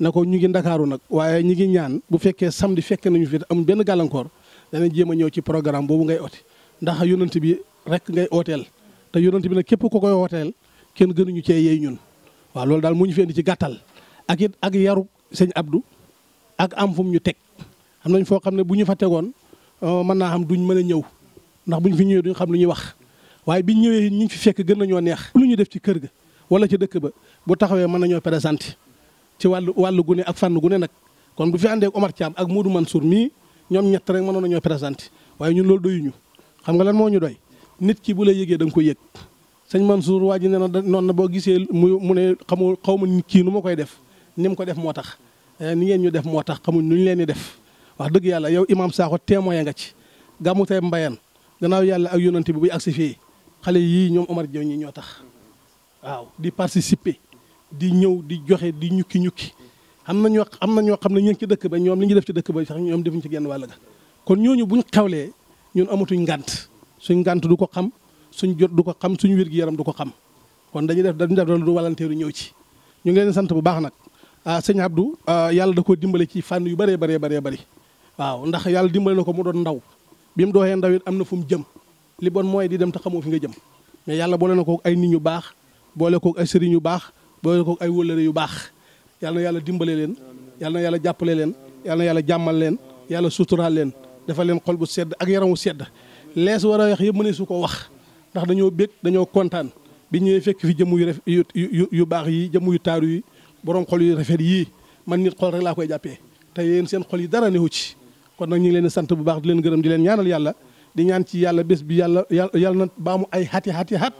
na ko ñu ngi ndakaaru nag waaye ñu ngi ñaan bu fekkee sam di fekke nañu fi am benn gàllankoor dana jéem a ñëw ci programme boobu ngay oote ndax yonent bi rek ngay ooteel te yonent bi nag képp ko koy ooteel kenn gënuñu cee ñun waaw loolu daal mu ñu fi indi ci gàttal ak it ak yaru sëñ Abdou ak am fu mu ñu teg am nañ foo xam ne bu ñu fa tegoon euh, mën naa xam duñ mën a ñëw ndax bu ñu fi ñëwee duñ xam lu ñuy wax waaye bi biñ ñëwee ñi fi fekk gën nañoo neex. lu ñu def ci kër gi wala ci dëkk ba bu taxawee mën nañoo présenté ci wàllu wàllu gune ak fànn gune nag kon bu fi àndee ak Omar Thiam ak Modou Mansour mii ñoom ñett rek mënoon nañoo présenté waaye ñun loolu doyuñu xam nga lan moo ñu doy nit ki bu la yëgee da nga koy yëg sëñ Mansour waa ji nee na noonu na boo gisee mu mu ne xamu xaw ma nit kii nu ma koy def ni mu ko def moo tax ni ngeen ñu def moo tax xamuñ nu leen di def wax dëgg yàlla yow Imam Sakho témoin nga ci gàmmu tey mbayaan gannaaw yàlla ak yonante bi buy si fii xale yii ñoom Omar Diaw ñi ñoo tax waaw di participer di ñëw di joxe di ñukki ñukki am na ñoo am na ñoo xam ne ñu ngi ci dëkk ba ñoom li ñu def ci dëkk ba sax ñoom defuñ ci genn wàll ga kon ñooñu buñ xewlee ñun amatuñ ngant suñ ngànt du ko xam suñ jot du ko xam suñ wér-gi-yaram du ko xam kon dañu def dañuy def loolu du walanteeru ñëw ci ñu ngi leen sant bu baax nag Ah, sëñ Abdou ah, yàlla da koo dimbale ci fànn yu bëree bëree bëree bari waaw ndax yàlla dimbale na ko mu doon ndaw bi mu doxee ndaw it am na fu mu jëm li bon mooy di dem te xamoo fi nga jëm mais yàlla boole na ko ay nit ñu baax boole ko ay sëriñ yu baax boole koog ay wëllëre yu baax yàlla na yàlla dimbale leen yàlla na yàlla jàppale leen yàlla na yàlla jàmmal leen yàlla suturaal leen defal leen xol bu sedd ak yaram wu sedd lees war a wax yëpp mënee su ko wax ndax dañoo bég dañoo kontaan bi ñëwee fekk fi jëmm yu ref yu yu baax yi jëmm yu taaru yi borom xol yu rafet yii man nit xol rek laa koy jàppee te yéen seen xol yi dara newu ci kon nag ñu leen di sant bu baax di leen gërëm di leen ñaanal yàlla di ñaan ci yàlla bés bi yàlla yàlla na baamu ay xati xati xat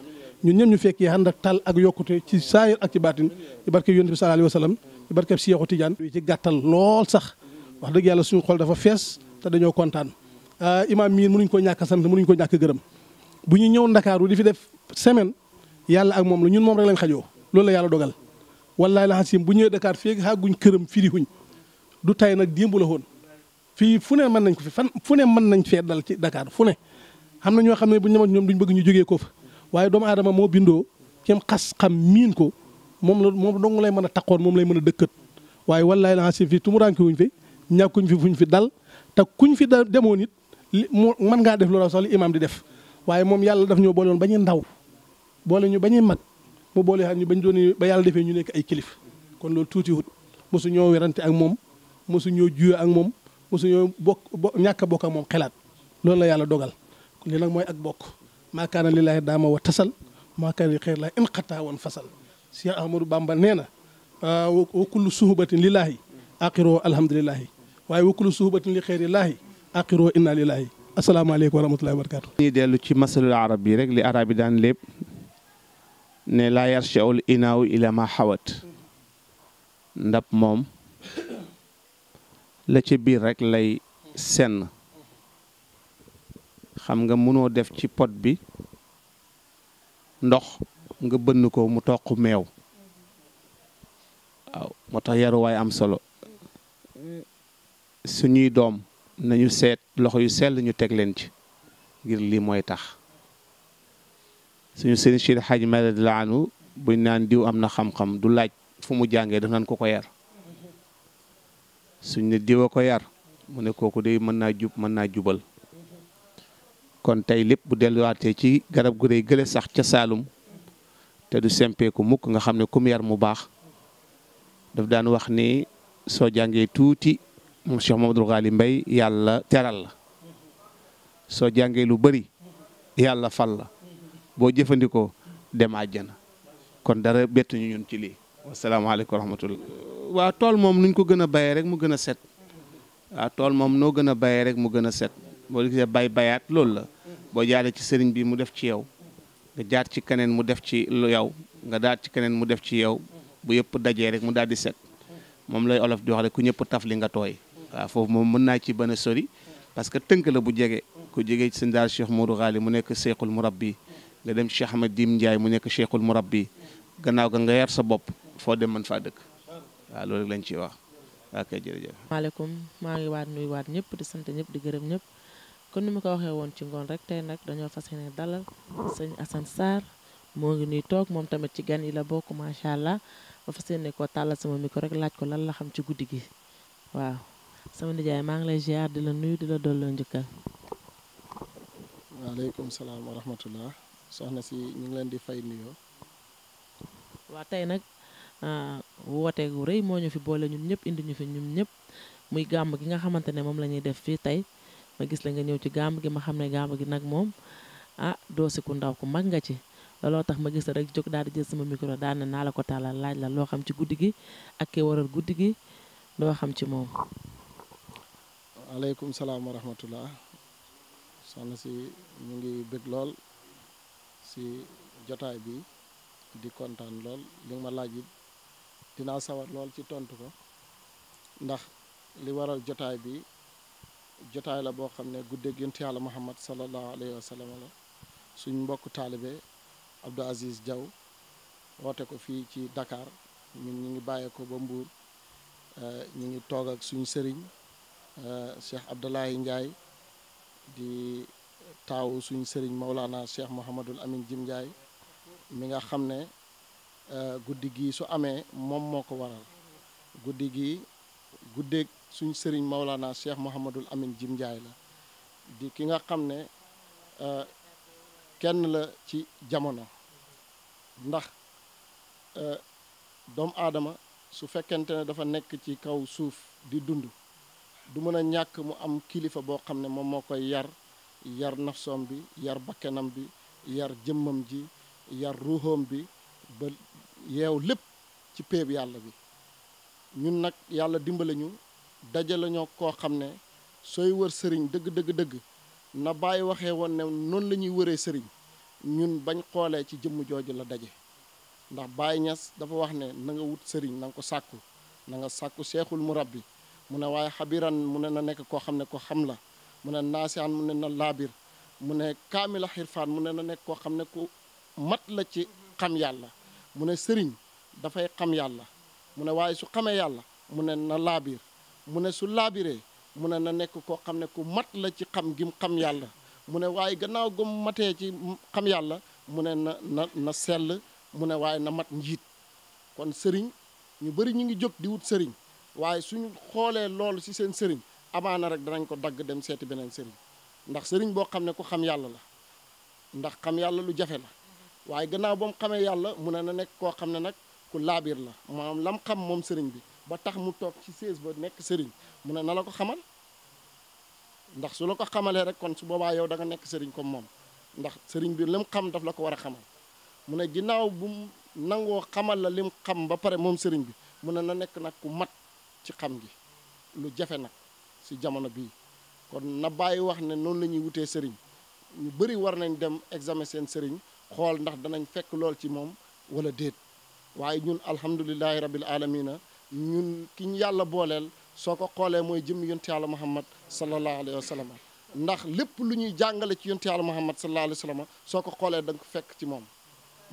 ñun ñëpp ñu fekkee ànd ak tal ak yokkute ci saayir ak ci baatin ci barke yonent bi sallallahu alayhi wa sallam ci barke Seexu Tijaan ci gàttal lool sax wax dëgg yàlla suñu xol dafa fees te dañoo kontaan ah, imaam miin mënuñ ko ñàkk sant mënuñ ko ñàkk gërëm bu ñu ñëw ndakaaru di fi def semaine yàlla ak moom la ñun moom rek lañ xajoo loolu la yàlla dogal wallaay la xasim bu ñëwee Dakar fii xàgguñ këram firihuñ du tay nag démb la fii fu ne mën nañ ko fi fan fu ne mën nañ fee dal ci Dakar fu ne xam na ñoo xam ne bu ñu demoon ñoom duñ bëgg ñu jógee ko fa waaye doomu aadama moo bindoo kem xas xam miin ko moom la moom dong lay mën a taqoon moom lay mën a dëkkat waaye wallaay la xasim fii tumuraanke wuñ fi ñàkkuñ fi fuñ fi dal te kuñ fi da demoon it li mu mën ngaa def loolu sax li imaam di def waaye moom yàlla daf ñoo booloon ba ñuy ndaw boole ñu ba ñuy mu boole xaat ñu bañ doon ba yàlla defee ñu nekk ay kilif kon loolu tuuti wut mosu ñoo werante ak moom mosu ñoo juyoo ak moom mosu ñoo bokk ñàkk a moom xelaat loolu la yàlla dogal li nag mooy ak bokk maakaana lillaahi daama wa tasal maakaana li xeer laa in xataa woon fasal Cheikh Ahmadou Bamba nee na wa kullu suhubatin lillaahi aqiroo alhamdulilahi waaye wa kullu suhubatin li xeeri laahi aqiroo inna lillaahi asalaamaaleykum wa rahmatullahi wa barakaatu ñuy dellu ci masalul arab yi rek li arab yi daan lépp ne laa yarchaul inaaw ila ma xawat ndab moom la ci biir rekk lay senn xam nga mënoo def ci pot bi ndox nga bënn ko mu toq meew waaw moo tax yaruwaay am solo suñuy doom nañu seet loxo yu sell ñu teg leen ci ngir lii mooy tax suñu sëriñ Cheikh Hadj Malick la anu buñ naan diw am na xam-xam du laaj fu mu jàngee daf naan ko ko yar suñ ne diw a ko yar mu ne kooku de mën naa jub mën naa jubal kon tey lépp bu delluwaatee ci garab gu rëy gële sax ca Saalum te du sempeeku mukk nga xam ne kum yar mu baax daf daan wax ni soo jàngee tuuti moom Cheikh Mamadou Ghali Mbaye yàlla teral la soo jàngee lu bëri yàlla fal la boo jëfandikoo dem jana kon dara bettuñu ñun ci lii wasalaamaaleykum wa rahmatullah waa tool moom nuñ ko gën a bayee rek mu gën a set waa tool moom noo gën a bayee rek mu gën a set boo gisee bay bayaat loolu la boo jaaree ci sëriñ bi mu def ci yow nga jaar ci keneen mu def ci yow nga daal ci keneen mu def ci yow bu yëpp dajee rek mu daal di set moom lay olof di wax rek ku ñëpp taf li nga tooy waaw foofu moom mën naa ci bën a sori parce que tënk la bu jege ku jege sëñ daal Cheikh Modou Ghali mu nekk Cheikhul Murabbi nga dem Cheikh Ahmed Dim ndjay mu nek cheikhul murabbi gannaaw ga nga yar sa bop fo dem mën faa dëkk waaw loolu lañ ci wax jere jërëjëf. maaleykum ma ngi wat nuy wat ñëpp di sant ñëpp di gërëm ñëpp kon nima ko waxee won ci ngon rek tay nak dañu fas dalal seigne Assane sar mo ngi nuy tok mom tamit ci gan yi la ma sha allah ma fas ko talal sama micro rek laaj ko lan la xam ci guddigi gi waaw sama ndjay ma ngi lay ziar di la nuyu di la dolo ndukal wa alaykum assalam wa rahmatullah soxna si ñu ngi leen di fay nuyoo. waa tey nag ah, woote gu rëy moo ñu fi boole ñun ñëpp indi ñu fi ñun ñëpp muy gàmb gi nga xamante ne moom la ñuy def fii tey ma gis la nga ñëw ci gàmb gi ma xam ne gàmm gi nag moom ah doo ku ndaw ku mag nga ci. looloo tax ma gis la rek jóg daal di jël sama micro daal ne naa la ko tàllal laaj la loo xam ci guddi gi ak ki waral guddi gi loo xam ci moom. aleykum salaam wa rahmatullah soxna si ñu ngi bëgg lool si jotaay bi di kontaan lool li ma laaj it dinaa sawar lool ci tontu ko ndax li waral jotaay bi jotaay la boo xam ne gudde gint yàlla mohammad salallahu alayhi wa sallam la suñ mbokk taalibe abdou aziz diaw woote ko fii ci dakar ñun ñu ngi bàyyi ko ba mbuur eh, ñu ngi toog ak suñ sëriñ eh, cheikh abdoulahi ndiaye di taawu suñ sëriñ Maulana Cheikh Mouhamadul Amin Jim Ndiaye mi nga xam ne euh, guddi gi su amee moom moo ko waral guddi gi guddeeg suñ sëriñ Maulana Cheikh Mouhamadul Amin Jim Ndiaye la di ki nga xam ne euh, kenn la ci jamono ndax euh, doom aadama su fekkente ne dafa nekk ci kaw suuf di dund du mën a ñàkk mu am kilifa boo xam ne moom moo koy yar yar nafsom bi yar bakkanam bi yar jëmmam ji yar ruuxoom bi ba yeew lépp ci péeb yàlla bi ñun nag yàlla dimbali ñu dajale ñoo koo xam ne sooy wër sëriñ dëgg dëgg dëgg na bàyyi waxe woon ne noonu la ñuy wëree sëriñ ñun bañ xoolee ci jëmm jooju la daje ndax Baye ñas dafa wax ne na nga wut sëriñ nanga ko sàkku na nga sàkku seexul mu rabbi mu ne waaye xabiran mu ne na nekk koo xam ne ko xam la mu ne naasiyaan mu ne na laabir mu ne kaamila xirfaan mu ne na nekk koo xam ne ku mat la ci xam yàlla mu ne sëriñ dafay xam yàlla mu ne waaye su xamee yàlla mu ne na laabir mu ne su laabiree mu ne na nekk koo xam ne ku mat la ci xam gim xam yàlla mu ne waaye gannaaw gum matee ci xam yàlla mu ne na na na sell mu ne waaye na mat njiit kon sëriñ ñu bëri ñu ngi jóg di wut sëriñ waaye suñu xoolee loolu ci seen sëriñ amaana rek danañ ko dagg dem seeti beneen sëriñ ndax sëriñ boo xam ne ku xam yàlla la ndax xam yàlla lu jafe la waaye gannaaw ba mu xamee yàlla mu ne na nekk koo xam ne nag ku laabir la maanaam lam xam moom sëriñ bi ba tax mu toog ci sées ba nekk sëriñ mu ne na la ko xamal ndax su la ko xamalee rek kon su boobaa yow da nekk sëriñ comme moom ndax sëriñ bi lim xam daf la ko war a xamal mu ne ginnaaw bu nangoo xamal la lim xam ba pare moom sëriñ bi mu ne na nekk nag ku mat ci xam gi lu jafe nag ci jamono bii kon na bàyyi wax ne noonu la ñuy wutee sëriñ ñu bëri war nañ dem examen seen sëriñ xool ndax danañ fekk lool ci moom wala déet waaye ñun alhamdulilahi rabil alamina ñun ki ñu yàlla booleel soo ko xoolee mooy jëm yonte yàlla muhammad sallallahu alayhi wa sallam ndax lépp lu ñuy jàngale ci yonte yàlla muhammad sallallahu alayhi wa sallam soo ko xoolee da nga ko fekk ci moom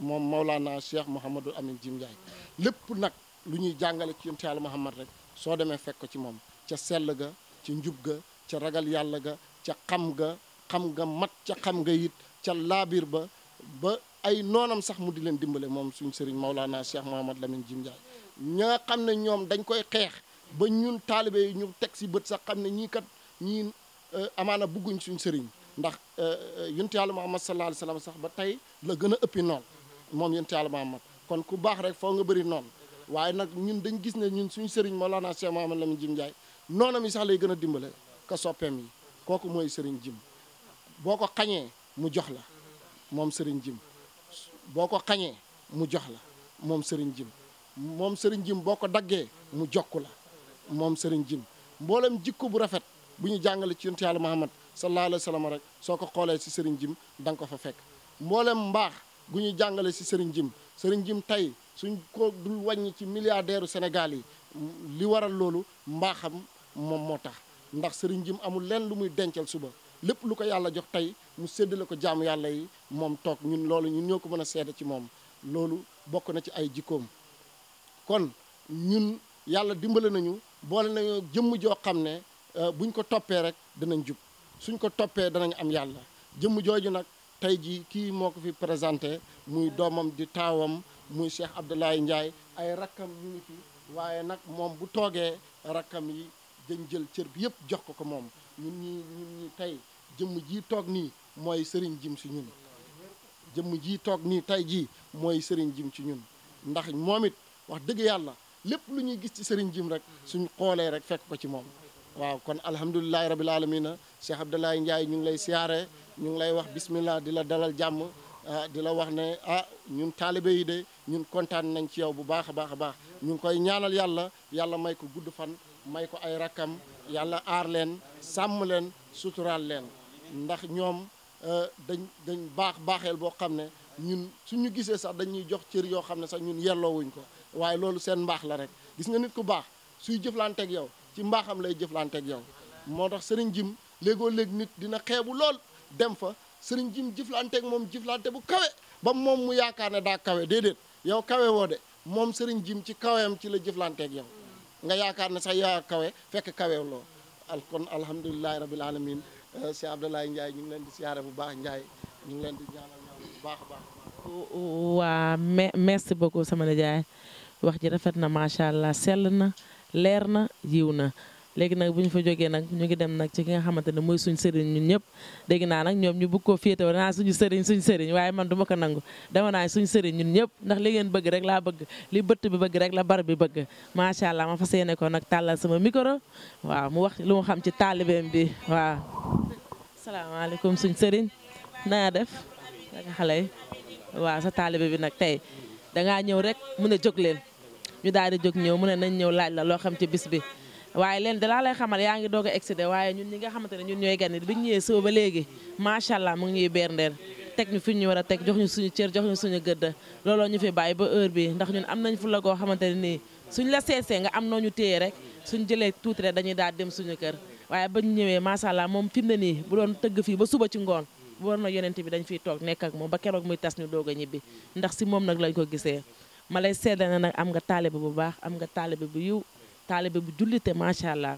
moom Maulana Cheikh Mouhamadul Amin Jim Ndiaye lépp nag lu ñuy jàngale ci yonte yàlla muhammad rek soo demee fekk ci moom ca sell ga ci njub ga ca ragal yàlla ga ca xam ga xam nga mat ca xam nga it ca laabir ba ba ay noonam sax mu di leen dimbale moom suñ sëriñ Maulana Cheikh Mouhamad Lamine Jim Ndiaye ña xam ne ñoom dañ koy xeex ba ñun taalibe yi ñu teg si bët sax xam ne ñii kat ñii eh, amaana bugguñ suñ sëriñ ndax eh, eh, yonent yàlla Muhammad sallallahu alayhi wasallam sax ba tey la gën a ëppi noonu moom yonent yàlla Muhammad kon ku baax rek foo nga bëri noonu waaye nag ñun dañ gis ne ñun suñ sëriñ Maulana Cheikh Mouhamad Lamine Jim Ndiaye noona yi sax lay gën a dimbale ka soppeem yi kooku mooy sëriñ jim boo ko xañee mu jox la moom sëriñ jim boo ko xañee mu jox la moom sëriñ jim moom sëriñ jim boo ko daggee mu jokku la moom sëriñ jim mboolem jikko bu rafet bu ñu jàngale ci yonent yàlla Muhammad sallallahu alayhi wa sallam rek soo ko xoolee si sëriñ jim da ko fa fekk mboolem mbaax gu ñu jàngale si sëriñ jim sëriñ jim tey suñ ko dul wàññi ci milliardaire u Sénégal yi li waral loolu mbaaxam moom moo tax ndax sëriñ jim amul lenn lu muy dencal suba lépp lu ko yàlla jox tey mu séddale ko jaamu yàlla yi moom toog ñun loolu ñun ñoo ko mën a seede ci moom loolu bokk na ci ay jikkoom kon ñun yàlla dimbale nañu boole nañu jëmm joo xam ne euh, buñ ko toppee rek danañ jub suñ ko toppee danañ am yàlla jëmm jooju nag tey jii kii moo ko fi présenté muy doomam di taawam muy Cheikh Abdoulaye Ndiaye ay rakkam ñu ngi fi waaye nag moom bu toogee rakkam yi dañ jël cër bi yëpp jox ko ko moom ñun ñu tey jëmm ji toog nii mooy sëriñ jim si ñun jëmm ji toog nii tey jii mooy sëriñ jim ci ñun ndax moom it wax dëgg yàlla lépp lu ñuy gis ci sëriñ jim rek suñ xoolee rek fekk ko ci moom waaw kon alhamdulilahi rabil alamina Cheikh Abdoulaye Ndiaye ñu ngi lay siyaare ñu ngi lay wax bismillah di la dalal jàmm ah, di la wax ne ah ñun taalibe yi de ñun kontaan nañ ci yow bu baax a baax a baax ñu ngi koy ñaanal yàlla yàlla may ko gudd fan may ko ay rakkam yàlla aar leen sàmm leen suturaal leen ndax ñoom euh, dañ dañ baax baaxeel boo xam ne ñun suñu gisee sax dañuy jox cër yoo xam ne sax ñun yelloowuñ ko waaye loolu seen mbaax la rek gis nga nit ku baax suy jëflanteeg yow ci mbaaxam lay jëflanteeg yow moo tax sëriñ jim léegoo léeg nit dina xeebu lool dem fa sëriñ jim jëflanteeg moom jëflante bu kawe ba moom mu yaakaar ne daa kawe déedéet yow kawe woo de moom sëriñ jim ci kaweem ci la jëflanteeg yow nga yaakaar ne sax yaa kawe fekk kaweewuloo al kon alhamdulilahi rabil alamin si euh, Abdoulaye Ndiaye ñu ngi leen di siyaare bu baax Ndiaye ñu ngi leen di ñaanal ñaan bu baax baax. waa merci beaucoup sama nijaay wax ji rafet na macha allah sell na leer na yiw na. léegi nag bu ñu fa jógee nag ñu ngi dem nag ci ki nga xamante ne mooy suñ sëriñ ñun ñëpp dégg naa nag ñoom ñu bëgg koo féetewoo danaa suñu sëriñ suñ sëriñ waaye man du ko nangu dama naa suñ sëriñ ñun ñëpp ndax li ngeen bëgg rek laa bëgg li bëtt bi bëgg rek la bar bi bëgg macha allah ma fas yéene ko nag tàllal sama micro waaw mu wax lu mu xam ci taalibeem bi waaw salaamaaleykum suñ sëriñ naa def danga xale yi waaw sa taalibe bi nag tey dangaa ñëw rek mu ne jóg ñu daal di jóg ñëw mu ne nañ ñëw laaj la loo xam ci bis bi waaye leen dalaa lay xamal yaa ngi doog a excédé waaye ñun ñi nga xamante ne ñun ñooy gan yi bi ñu ñëwee suba ba léegi macha allah mu ngi ñuy berndeel teg ñu fi ñu war a teg jox ñu suñu cër jox ñu suñu gëdd looloo ñu fi bàyyi ba heure bi ndax ñun am nañ fu la goo xamante ne nii suñ la seesee nga am noo ñu téye rek suñ jëlee tuuti rek dañuy daal dem suñu kër waaye ba ñëwee macha allah moom fi mu nii bu doon tëgg fii ba suba ci ngoon bu war na ti bi dañ fiy toog nekk ak moom ba keroog muy tas ñu doog a ñibbi ndax si moom nag lañ ko gisee ma lay seedal nag am nga taalibe bu baax am nga taalibe bu yiw taalibe bu jullite macha allah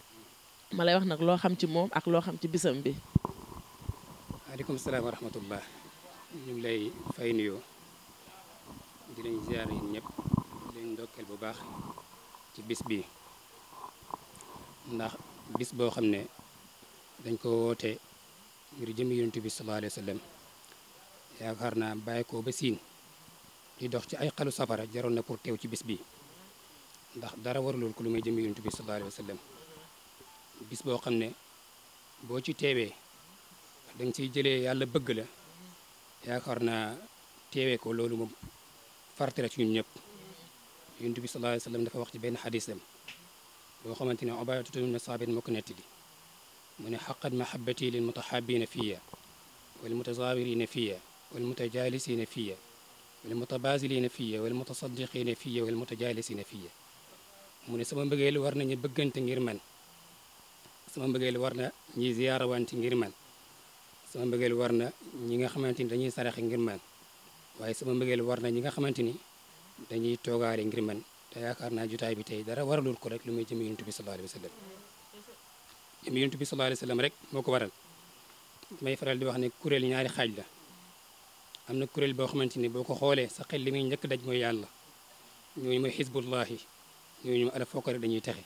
ma lay wax nag loo xam ci moom ak loo xam ci bisam bi. maaleykum salaam wa rahmatullah ñu ngi lay fay nuyoo di leen ziar yi ñëpp leen ndokkeel bu baax ci bis bi ndax bis boo xam ne dañ ko woote ngir jëm yonent bi sallallahu alayhi wa sallam yaakaar naa bàyyi ko ba siin di dox ci ay xalu safara jaroon na pour teew ci bis bi. ndax dara waraloon ko lumay jëm jëmee bi sallallahu alayhi wasallam bis bo xamne bo ci téwé dañ ci jëlé yàlla bëgg la yaakaar naa téwé ko loolu moom fartera ci ñun ñëpp yonent bi sallallahu alayhi wasallam dafa wax ci ben xadisam boo xamante ne obayatut min sabin moo netti nettali mune haqqat mahabbati lil mutahabbin fiyya wal mutazawirin fiyya wal mutajalisin fiyya wal mutabasilina fiya wal mutasaddiqina fiya wal mutajalisina fiya mu ne sama mbëggeel war nañu bëggante ngir man sama mbëggeel war na ñi ziyaarawante ngir man sama mbëggeel war na ñi nga xamante ni dañuy saraxe ngir man waaye sama mbëggeel war na ñi nga xamante ni dañuy toogaale ngir man te yaakaar naa jotaay bi tey dara waralul ko rek lu muy jëmi yonent bi sallallahu alayhi wa bi sallallahu alayhi wa sallam rek moo ko waral may faral di wax ne kuréel ñaari xaaj la am na kuréel boo xamante ni boo ko xoolee sa xel li muy njëkk daj mooy yàlla ñooñu mooy xisbullahi ñooñu ala fookare dañuy taxé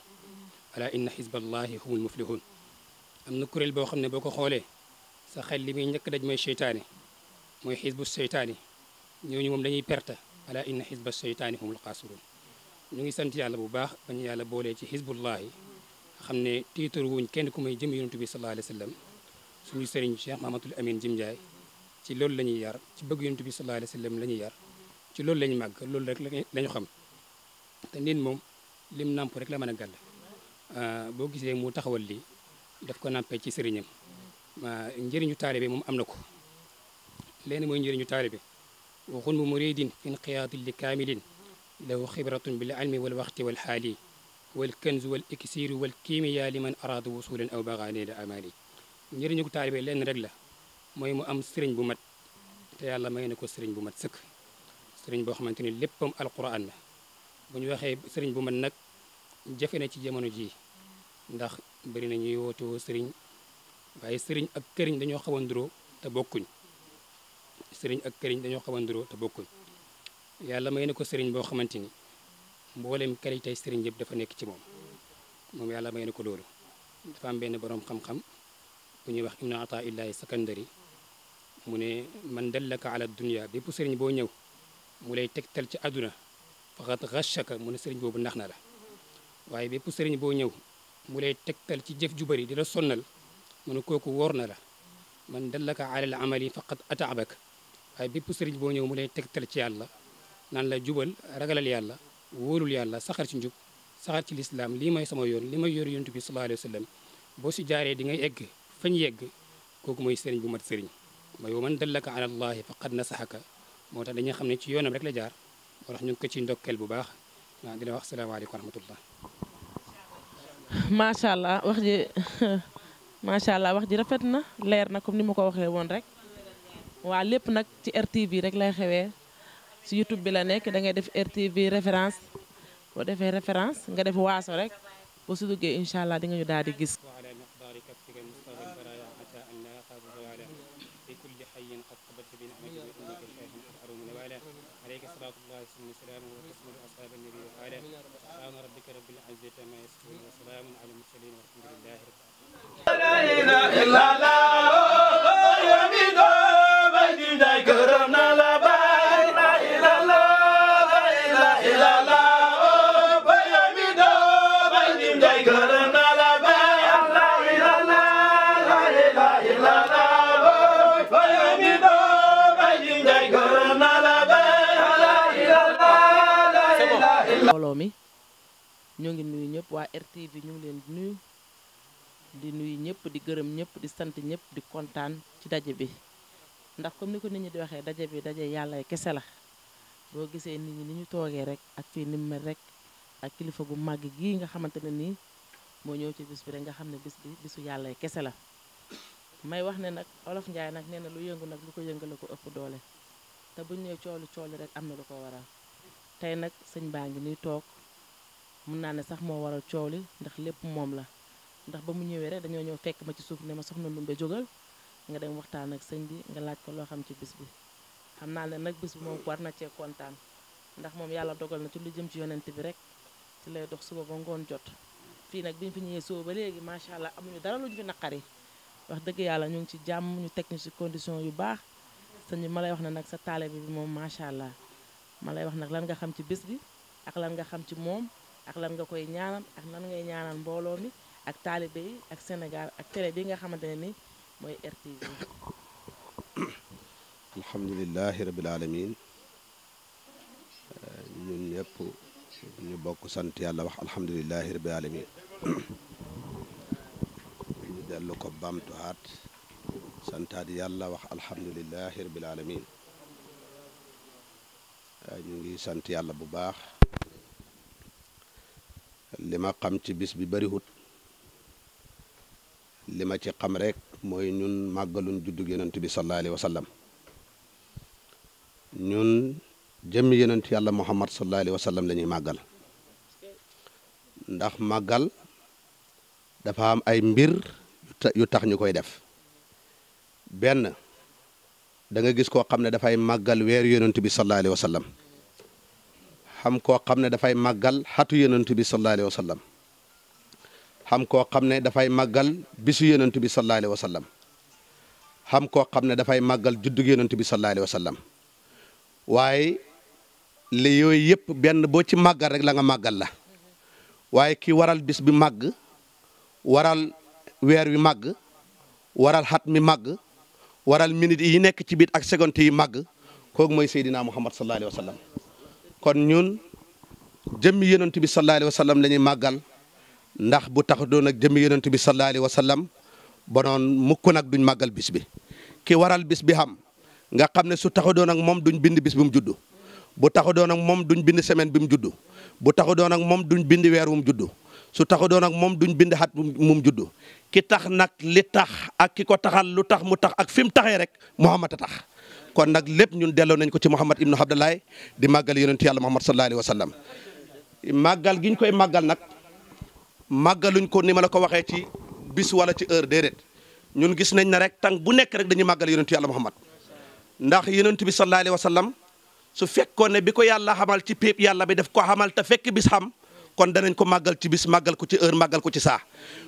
ala inna xisballahi humul muflihun am na kuréel boo xam ne boo sa xel limi ñëk daj daj mooy moy hizbu xisbu ñoo ñu mom dañuy perte ala inna xisba seytaani humul qasirun ñu ngi sant yàlla bu baax bañu yàlla boolee ci xisbullahi xamne ne wuñ kenn ku may jëm yoonu bi sallallahu alayhi wasallam suñu sëriñ Cheikh Mahamadoul amin jimjay ci lool lañuy yar ci bëgg yoonu bi sallallahu alayhi wasallam lañuy yar ci lool la ñu màgg rek la xam te nit moom lim namp rek la mëna gal euh bo gisé mu taxawal li daf ko nampé ci sëriñam ma euh, njëriñu talibé mom amna ko lén moy njëriñu talibé waxun muridin in qiyad li kamilin له خبرة بالعلم والوقت والحال والكنز والإكسير والكيمياء لمن أراد وصولا أو بغى إلى أمالي نير نيو طالب لين رجلا موي مو أم سرين بومات تا يالا ماي نكو سرين بومات سك سرين بو خمانتني ليبم القرآن bu ñu waxee sëriñ bu mën nag jafe na ci jamono jii ndax bëri na ñuy wootewoo sëriñ waaye sëriñ ak këriñ dañoo xawanduroo te bokkuñ sëriñ ak këriñ dañoo xawanduroo te bokkuñ yàlla may na ko sëriñ boo xamante ni mboolem qualité sëriñ yëpp dafa nekk ci moom moom yàlla may na ko loolu dafa am benn boroom xam-xam bu ñuy wax ibnu ataa illahi sakandari mu ne man dallaka ala dunia bépp sëriñ boo ñëw mu lay teg tel ci àdduna faqat xachaka mu ne sëriñ boobu nax na la waaye bépp sëriñ boo ñëw mu lay tegtal ci jëf ju bari di la sonnal mu ne kooku woor na la man dallaka alal amali faqat ataabak waaye bépp sëriñ boo ñëw mu lay tegtal ci yàlla naan la jubal ragalal yàlla wóolul yàlla saxar ci njub saxar ci lislaam lii mooy sama yoon li may yor yontu bi sallallahu alayhi wa sallam boo si jaaree di ngay egg fañ yegg kooku mooy sëriñ bu mat sëriñ mooy wa man dallaka ala allahi faqad nasaxaka moo tax dañuy xam ne ci yoonam rek la jaar wala ñu ngi ko ci ndokkeel bu baax di la wax salaamaaleykum wa rahmatullah macha allah wax ji macha allah wax ji rafet na leer na comme ni ma ko waxee woon rek waa lépp nag ci RTV rek lay xewee si YouTube bi la nekk da ngay def RTV référence boo defee référence nga def waaso rek boo su duggee incha allah di nga ñu daal di gis. الله يسلم سلام وتسلم أصحاب النبي وآله سبحان ربك رب العزة عما يصفون وسلام على المرسلين والحمد لله رب العالمين لا إله إلا الله يا ميدو بيدي داي كرمنا ñoo ngi nuyu ñëpp waa RTV ñu ngi leen di nuyu di nuyu ñëpp di gërëm ñëpp di sant ñëpp di kontaan ci daje bi ndax comme ni ko nit ñi di waxee daje bi daje yàlla kese la boo gisee nit ñi ni ñu toogee rek ak fii ni mu mel rek ak kilifa gu màgg gii nga xamante ne nii moo ñëw ci bis bi rek nga xam ne bis bi bisu yàlla kese la may wax ne nag olof njaay nag nee na lu yëngu nag lu ko yëngale ko ëpp doole te buñ nee coolu coolu rek am na lu ko waral tey nag sëñ baa ngi nii toog mun naa ne sax moo waral coow li ndax lépp moom la ndax ba mu ñëwee rek dañoo ñëw fekk ma ci suuf ne ma soxna Ndumbe jógal nga dem waxtaan ak sëñ bi nga laaj ko loo xam ci bis bi xam naa ne nag bis bi moom war na cee kontaan ndax moom yàlla dogal na ci lu jëm ci yonent bi rek lay dox suba ba ngoon jot fii nag bi ñu fi ñëwee ba léegi macha allah amuñu dara lu naqari wax dëgg yàlla ñu ngi ci jàmm ñu teg ñu ci condition yu baax sëñ ma lay wax na nag sa taale bi moom macha allah ma lay wax nag lan nga xam ci bis bi ak lan nga xam ci moom ak lan nga koy ñaanal ak ngay ñaanal mbooloo mi ak taalibe yi ak Sénégal ak télé bi nga xamante ne ni mooy RTV. alhamdulilahi rabil alamin ñun ñëpp ñu bokk sant yàlla wax alhamdulilahi rabil alamin ñu dellu ko wax alhamdulilahi rabil alamin ñu ngi sant yàlla bu baax li ma xam ci bis bi bariwut li ma ci xam rek mooy ñun màggaluñ juddug yonent bi sallallahu alayhi wa sallam ñun jëmmi yonent yàlla muhammad sallallahu alayhi lañuy màggal ndax màggal dafa am ay mbir yu tax ñu koy def benn da gis koo xam ne dafay màggal weer yonent bi sallallahu alayhi xam koo xam ne dafay màggal xatu yonent bi sallallahu alayhi koo xam ne dafay màggal bisu yonent bi sallallahu xam koo xam ne dafay màggal juddu yonent bi sallallahu alayhi waaye li yooyu yëpp benn boo ci màggal rek la nga la waaye ki waral bis bi màgg waral weer wi màgg waral xat mi màgg waral minute yi nekk ci biir ak seconde yi màgg kooku mooy Seydina Muhammad sallallahu alayhi wa kon ñun jëmmi yonent bi sallallahu alayhi wa sallam la màggal ndax bu tax doon jëmmi yonent bi sallallahu alayhi wa sallam ba noon mukk nag duñ màggal bis bi ki waral bis bi xam nga xam ne su taxu doon ak moom duñ bind bis bi mu juddu bu taxu doon moom duñ bind semaine bi mu juddu bu taxu doon moom duñ bind weer mu juddu su taxu doon moom duñ bind xat mum juddu ki tax nag li tax ak ki ko taxal lu tax mu tax ak fi mu taxee rek Muhammad a tax kon nag lépp ñun delloo nañ ko ci Muhammad ibnu Abdallah di màggal yonent yàlla Muhammad sallallahu alayhi wa sallam màggal gi ñu koy màggal nag màggaluñ ko ni ma la ko waxee ci bis wala ci heure déedéet ñun gis nañ ne rek tànk bu nekk rek dañuy màggal yonent yàlla Muhammad ndax yonent bi sallallahu alayhi wa sallam su fekkoon ne bi ko yàlla xamal ci péep yàlla bi def ko xamal ta fekk bis xam kon danañ ko màggal ci bis màggal ko ci heure màggal ko ci saa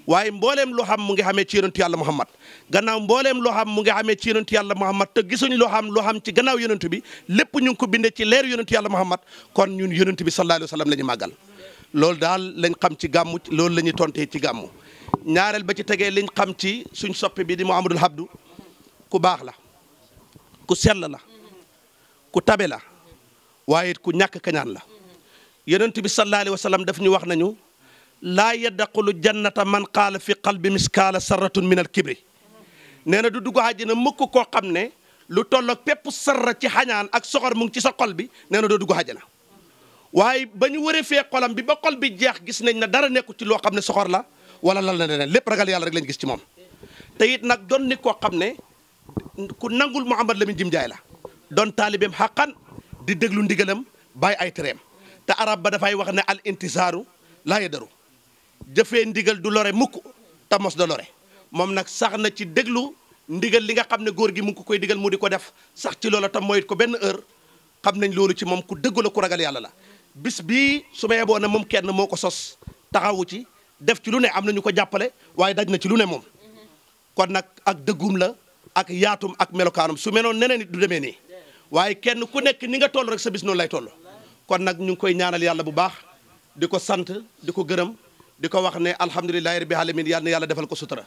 waaye mbooleem loo xam mu ngi xamee ci yonentu yàlla muhammad gannaaw mboolem loo xam mu ngi xamee ci yonentu yàlla muhammad te gisuñ loo xam loo xam ci gannaaw yonentu bi lépp ñu ngi ko bindee ci leer yonentu yàlla muhammad kon ñun yonentu bi sallallahu alayhi wa sallam la ñu màggal loolu daal lañ xam ci gàmmu loolu la ñuy tontee ci gàmmu ñaareel ba ci tegee liñ xam ci suñ soppe bi di Muhammadul Abdu ku baax la ku sell la ku tabe la waaye ku ñàkk kañaan la yeneen bi sallallahu alayhi wa sallam daf ñu wax nañu laa yadxulu jannata man kaala fi qalbi miskaala sarratun min al kibri nee na du dugg àjjana mukk koo xam ne lu tolloog pépp sarra ci xañaan ak soxor mu ci sa xol bi nee doo dugg àjjana waaye ba ñu wëree fee xolam bi ba xol bi jeex gis nañ ne dara nekku ci loo xam ne soxor la wala lal na leneen lépp ragal yàlla rek lañ gis ci moom te it nag doon ni koo xam ne ku nangul la Lamine Jim Jaay la doon taalibeem xàqan di déglu ndigalam bàyyi ay tereem te arab ba dafay wax ne al intizaru la yadaru jëfee ndigal du lore mukk ta mos da lore mom nak sax na ci deglu ndigal li nga xam gor gi mu ko koy digal mu di ko def sax ci loola tam moy ko ben heure xam nañ loolu ci mom ku deggu la ku ragal yalla la bis bi su may bo na mom kenn moko sos taxawu ci def ci lu ne am na ñu ko jàppale waaye daj na ci lu ne mom kon nak ak deggum la ak yaatum ak melokanum su meloon neneen du demé ni waye kenn ku nek ni nga toll rek sa bis non lay toll kon nag ñu ngi koy ñaanal yàlla bu baax di ko sant di ko gërëm di ko wax ne alhamdulilahi rabbi alamin yàlla yàlla defal ko sutura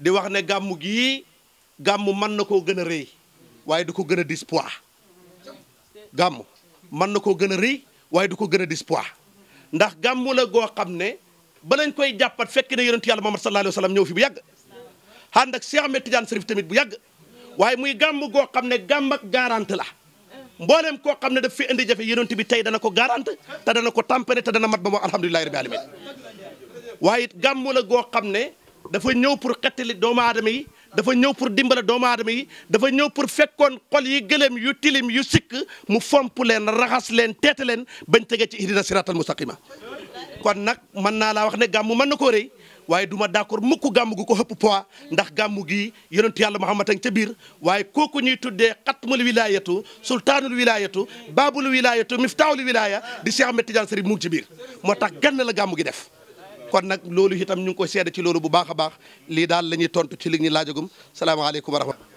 di wax ne gàmmu gi gàmmu mën na koo gën a rëy waaye du ko gën a dis poids mën na koo gën a rëy waaye di ko gën a dis poids ndax gàmmu la goo xam ne ba lañ koy jàppat fekk ne yonent yàlla Muhammad sallallahu alayhi wa ñëw fi bu yàgg ànd ak Cheikh Ahmed Tidiane Serif tamit bu yàgg waaye muy gàmm goo xam ne gàmm ak garante la mbooleem koo xam ne daf fi indi jafe yonent bi tey dana ko garante te dana ko tampere te dana mat ba mu alhamdulilahi rabbi alamin waaye it la goo xam ne dafa ñëw pour xettali doomu aadama yi dafa ñëw pour dimbale doomu aadama yi dafa ñëw pour fekkoon xol yi gëlëm yu tilim yu sikk mu fomp leen raxas leen teet leen bañ tege ci ihdina siratal mustaqima kon nag mën naa laa wax ne gàmmu mën na koo rey waaye du ma d'accord mukk gàmm gu ko xëpp poids ndax gàmm gi yonentu yàlla Muhammad ak ca biir waaye kooku ñuy tuddee xatmul wilayatu sultaanul wilayatu baabul wilayatu miftaahul wilaya di Cheikh Ahmed Tidiane Serigne mu ngi ci biir moo tax gann la gàmm gi def kon nag loolu itam ñu ngi koy seede ci loolu bu baax a baax lii daal la ñuy tontu ci li ñu laajagum salaamaaleykum wa rahmatulah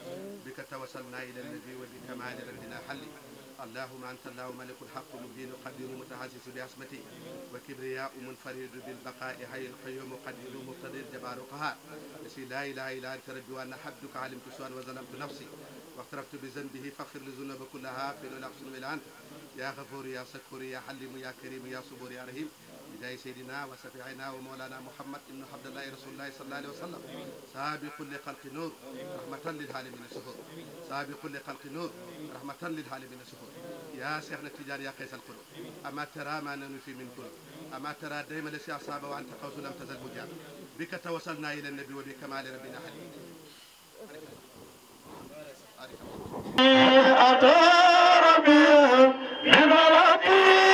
اللهم أنت الله ملك الحق المبين قدير متحسس بعصمته وكبرياء منفرد بالبقاء حي القيوم قدير مقتدر جبار قهار نسي لا إله إلا أنت ربي وأنا حبدك علمت سوءا وظلمت نفسي واقترفت بذنبه فاغفر لذنوب كلها في لا أحسن إلا أنت يا غفور يا سكور يا حليم يا كريم يا صبور يا رحيم بجاي سيدنا وسفيعنا ومولانا محمد ابن عبد الله رسول الله صلى الله عليه وسلم سابق لخلق نور رحمة للعالمين السهور سابق لخلق نور رحمة للعالمين السهور يا شيخنا التجار يا قيس القلوب أما ترى ما ننفي من قلوب أما ترى دائما لسي أصابه وأنت قوس لم تزل مجاب بك توصلنا إلى النبي وبكمال ربنا حليم أتى ربي بمرضي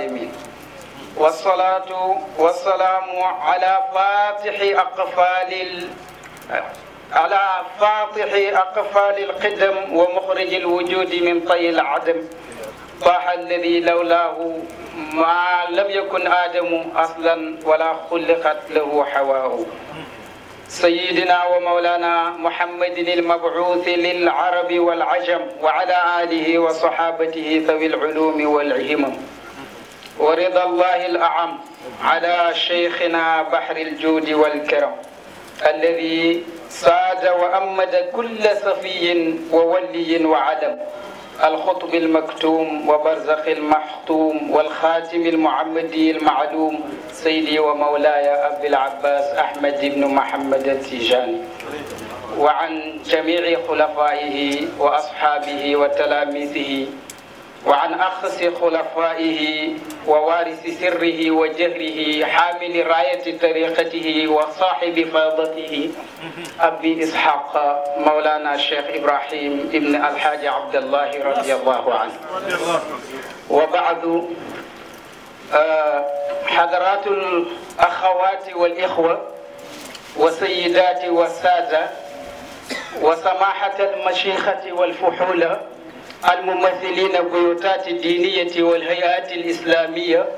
العالمين والصلاة والسلام على فاتح أقفال على فاطح أقفال القدم ومخرج الوجود من طي العدم طاح الذي لولاه ما لم يكن آدم أصلا ولا خلقت له حواه سيدنا ومولانا محمد المبعوث للعرب والعجم وعلى آله وصحابته ذوي العلوم والهمم ورضا الله الأعم على شيخنا بحر الجود والكرم الذي ساد وأمد كل صفي وولي وعلم الخطب المكتوم وبرزخ المحتوم والخاتم المعمدي المعلوم سيدي ومولاي أبي العباس أحمد بن محمد التيجاني وعن جميع خلفائه وأصحابه وتلاميذه وعن أخص خلفائه ووارث سره وجهره حامل راية طريقته وصاحب فاضته أبي إسحاق مولانا الشيخ إبراهيم ابن الحاج عبد الله رضي الله عنه وبعد آه، حضرات الأخوات والإخوة وسيدات والسادة وسماحة المشيخة والفحولة الممثلين بيوتات الدينية والهيئات الإسلامية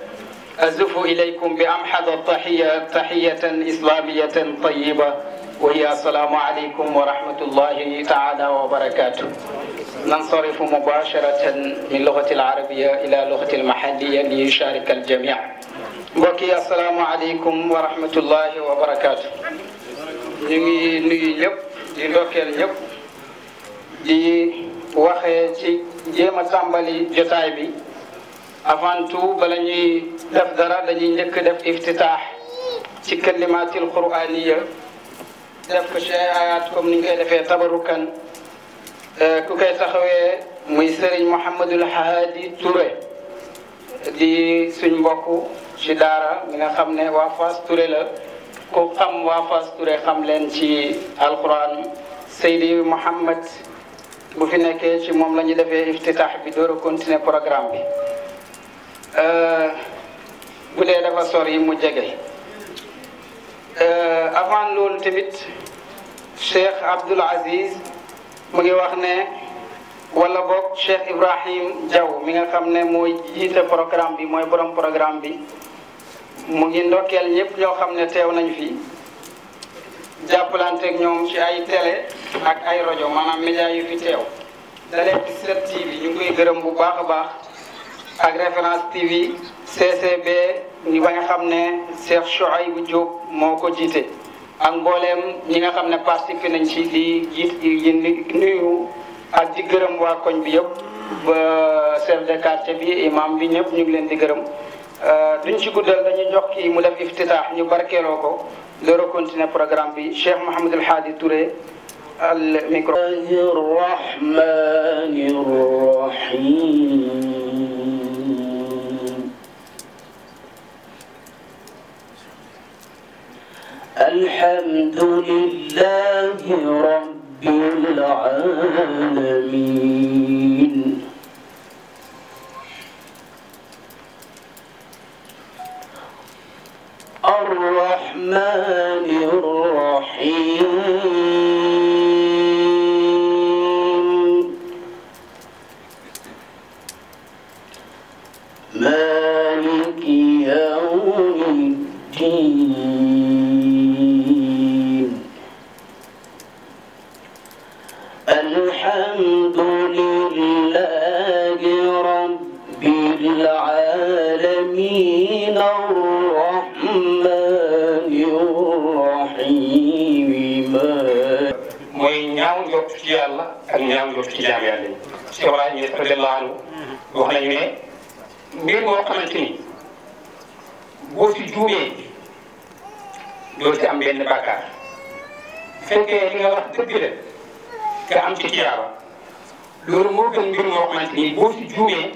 أزف إليكم بأمحض التحية تحية إسلامية طيبة وهي السلام عليكم ورحمة الله تعالى وبركاته ننصرف مباشرة من لغة العربية إلى لغة المحلية ليشارك الجميع بكي السلام عليكم ورحمة الله وبركاته نمي نيب دي نوكل يب دي waxee ci jéem a tàmbali jotaay bi avant tout bala ñuy def dara dañuy njëkk def iftitaax ci kalimaatil quraaniya def ko ci ay ayaat comme ni ñu koy defee tabarukan ku koy taxawee muy Serigne Mouhamadul Haadi Touré di suñ mbokk ci daara mi nga xam ne waa Fass Touré la ku xam waa Fass Touré xam leen ci alquran Seydi Mouhamad bu fi nekkee ci moom la ñu defee iftitaax bi door a continuer programme bi euh, bu dee dafa sori mu jege. Euh, avant loolu tamit Cheikh Abdoul Aziz mu ngi wax ne wala boog Cheikh Ibrahim jaw mi nga xam ne mooy jiite programme bi mooy borom programme bi mu ngi ndokkeel ñëpp ñoo xam ne teew nañ fi. jàppalanteeg ñoom ci ay télé ak ay rajo maanaam média yu fi teew dalee ci 7TV ñu ngi gërëm bu baax a baax ak référence TV CCB ñu ba nga xam ne Cheikh Chouaïbou Diop moo ko jiite. ak mbooleem ñi nga xam ne participé nañ ci di jiit yi nuyu ak di gërëm waa koñ bi yëpp ba chef de quartier bi imam bi ñëpp ñu ngi leen di gërëm euh, duñ ci guddal dañuy jox kii mu def iftitaax ñu barkeeloo ko. لركنتنا برنامج الشيخ محمد الحادي توري الميكروفون الرحمن الرحيم الحمد لله رب العالمين الرحمن الرحيم مالك يوم الدين الحمد لله رب العالمين الرحيم yokk ci yàlla ak ñaam yokk ci jaam yàlla yi Cheikh Ibrahima Niass radiyallahu anhu wax nañu ne mbir moo xamante boo ci juumee doo ci am benn bàkkaar fekkee li wax dëgg la nga am ci tiyaaba loolu moo gën mbir moo xamante boo ci juumee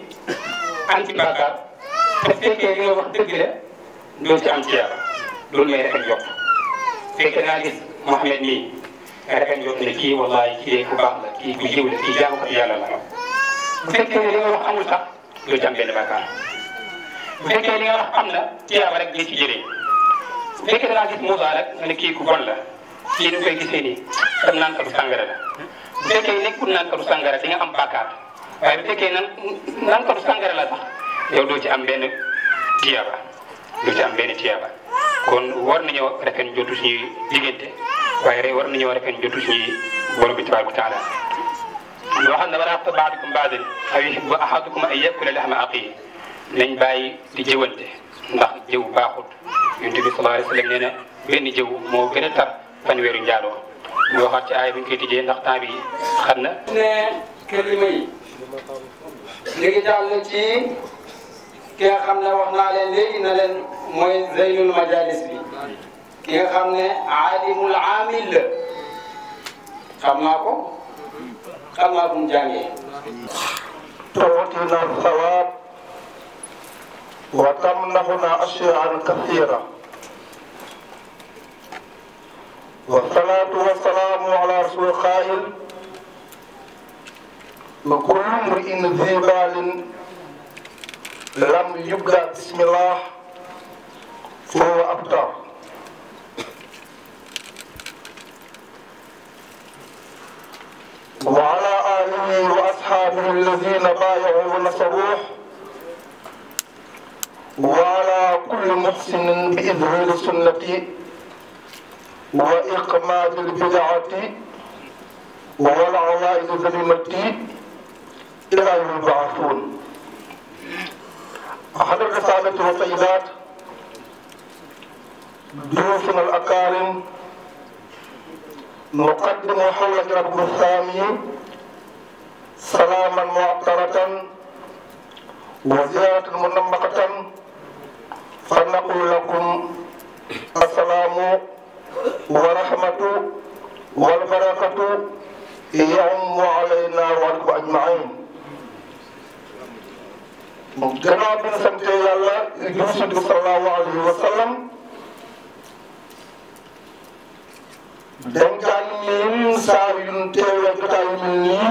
am ci bàkkaar te fekkee li nga wax dëgg la doo ci am tiyaaba loolu may rek ak yokk fekkee naa gis Mouhamed mii nga defee kii wallaay kii de ku baax la kii ku jiw la kii jaamukat yàlla la bu fekkee ne amul sax doo ci am benn bàkkaar bu fekkee li nga wax am ci jëlee bu fekkee da ngaa gis la kii nu koy gisee nii tam naan la bu fekkee nekkul naan sàngara di am bàkkaar waaye bu fekkee nan naan katu sàngara la sax yow doo ci am benn tiyaaba doo ci am benn tiyaaba kon war nañoo rafet jotu suñuy diggante waaye rek war nañoo rafet jotu suñuy borom bi tabaaraka wa taala yoo xam ne wala yaxtab ba'dukum ba'dan aw yuhibbu ahadukum an yakula lahma axiihi nañ bàyyi di jëwante ndax jëw baaxut yonent bi sallallahu alayhi wa sallam nee na benn jëw moo gën a tar fanweeri njaaloo ñu waxaat ci aay bi ñu koy tijjee ndax temps bi xam na. ne kalima yi léegi daal na ci xam ne wax naa leen léegi na leen. mooy zeynul majalis bi ki nga xam ne aalimul aamil la xam naa ko xam naa bu mu jàngee تعطينا الثواب وتمنحنا أشياء كثيرة والصلاة والسلام على رسول قائل وكل امرئ ذي بال لم يبدأ بسم الله وهو أبطأ وعلى آله وأصحابه الذين بايعوا ونصروه وعلى كل محسن بإذن السنة وإقماد البدعة والعوائد ذميمة إلى يبعثون حضرت سعادة وسيدات ضيوفنا الأكارم نقدم حول الرب الثاني سلاما معطرة وزيارة منمقة فنقول لكم السلام ورحمة والبركة يعم علينا وعليكم أجمعين gannaaw bi ñu sant yàlla di nuyu sallallahu alayhi wa sallam dañ daan miin saa yuñ teewee jotaay yu nii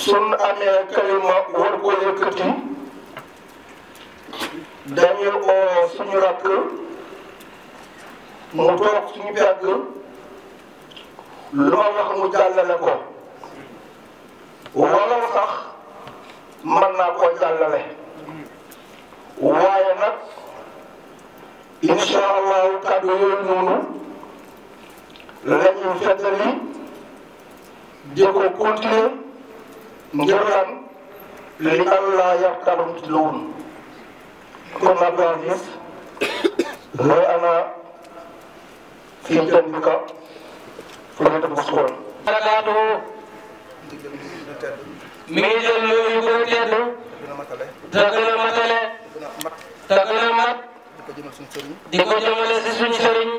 suñ amee kalima war ko yëkkati dañuy oo suñu rakk mu toog suñu pegg loo wax mu jàllale ko wala sax mën naa koo jàllale waaye nag incha allahu kàddu yooyu noonu la ñuy fàttali di ko continuer ngir lan li allah yaqtarum ci loolu kon nag laa gis ana fi jambika fu ñu def sukoon barakaatu mi ngi jël loolu ko tedd te gën a matale te gën mat ko jëmal suñu sëriñ. di si suñu sëriñ.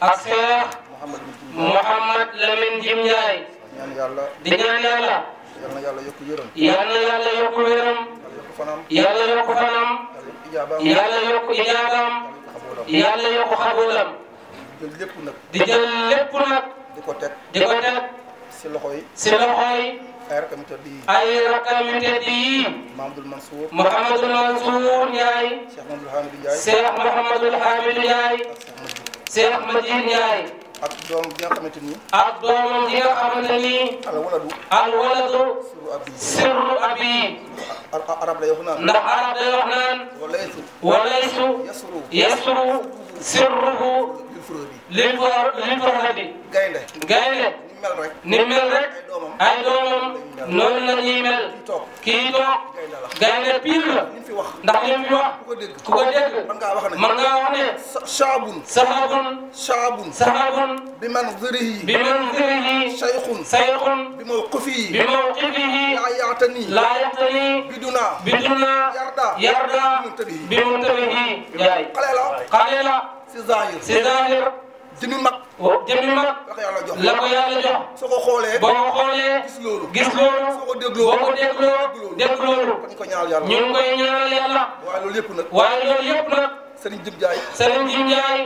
ak Cheikh. Mouhamad Jim Ndiaye. di ñaan yàlla. yal na yàlla yokk wéram. yal yokk wéram. yàlla yokk fanam. yàlla yokk ijaabaam. yàlla yokk xabulam. di jël lépp nag. di jël ay rakam yu tedd yi. ay rakam yu tedd yi. Mouhamadul Mansour. Mouhamadul Mansour Ndiaye. Cheikh Mouhamadul Hamidou Ndiaye. Cheikh Mouhamadul Hamidou Ndiaye. Cheikh Madjid Ndiaye. ak doom bi nga xamante ni. ak doomam bi nga xamante ni. al waladu. al waladu. sirru abi. arab lay wax naan. ndax arab lay wax naan. walaysu. walaysu. yasru. yasru. sirruhu. lil faradi. gaynde. gaynde. mel rek. ni mel rek ay doomam noonu la ñuy mel. kii toog gaynde piir la ndax li mu fi wax ku ko dégg mën ngaa wax ne. saabun saabun saabun saabun bi manzirihi bi manzirihi sayxun sayxun bi mawqifihi bi mawqifihi laa yaqtani laa yaqtani biduna biduna yarda yarda bi muntabihi yaay xale la xale la si zahir si zahir jëmi mag. waaw oh, jëmi mag. la ko yàlla jox la ko yàlla jox. soo ko xoolee. boo ko xoolee. gis loolu gis loolu. soo ko dégloo boo ko dégloo. dégg loolu. ñu ngi koy ñaanal yàlla. waaye loolu yëpp nag. waaye loolu yëpp nag. Serigne Djib Ndiaye. Serigne Djib Ndiaye.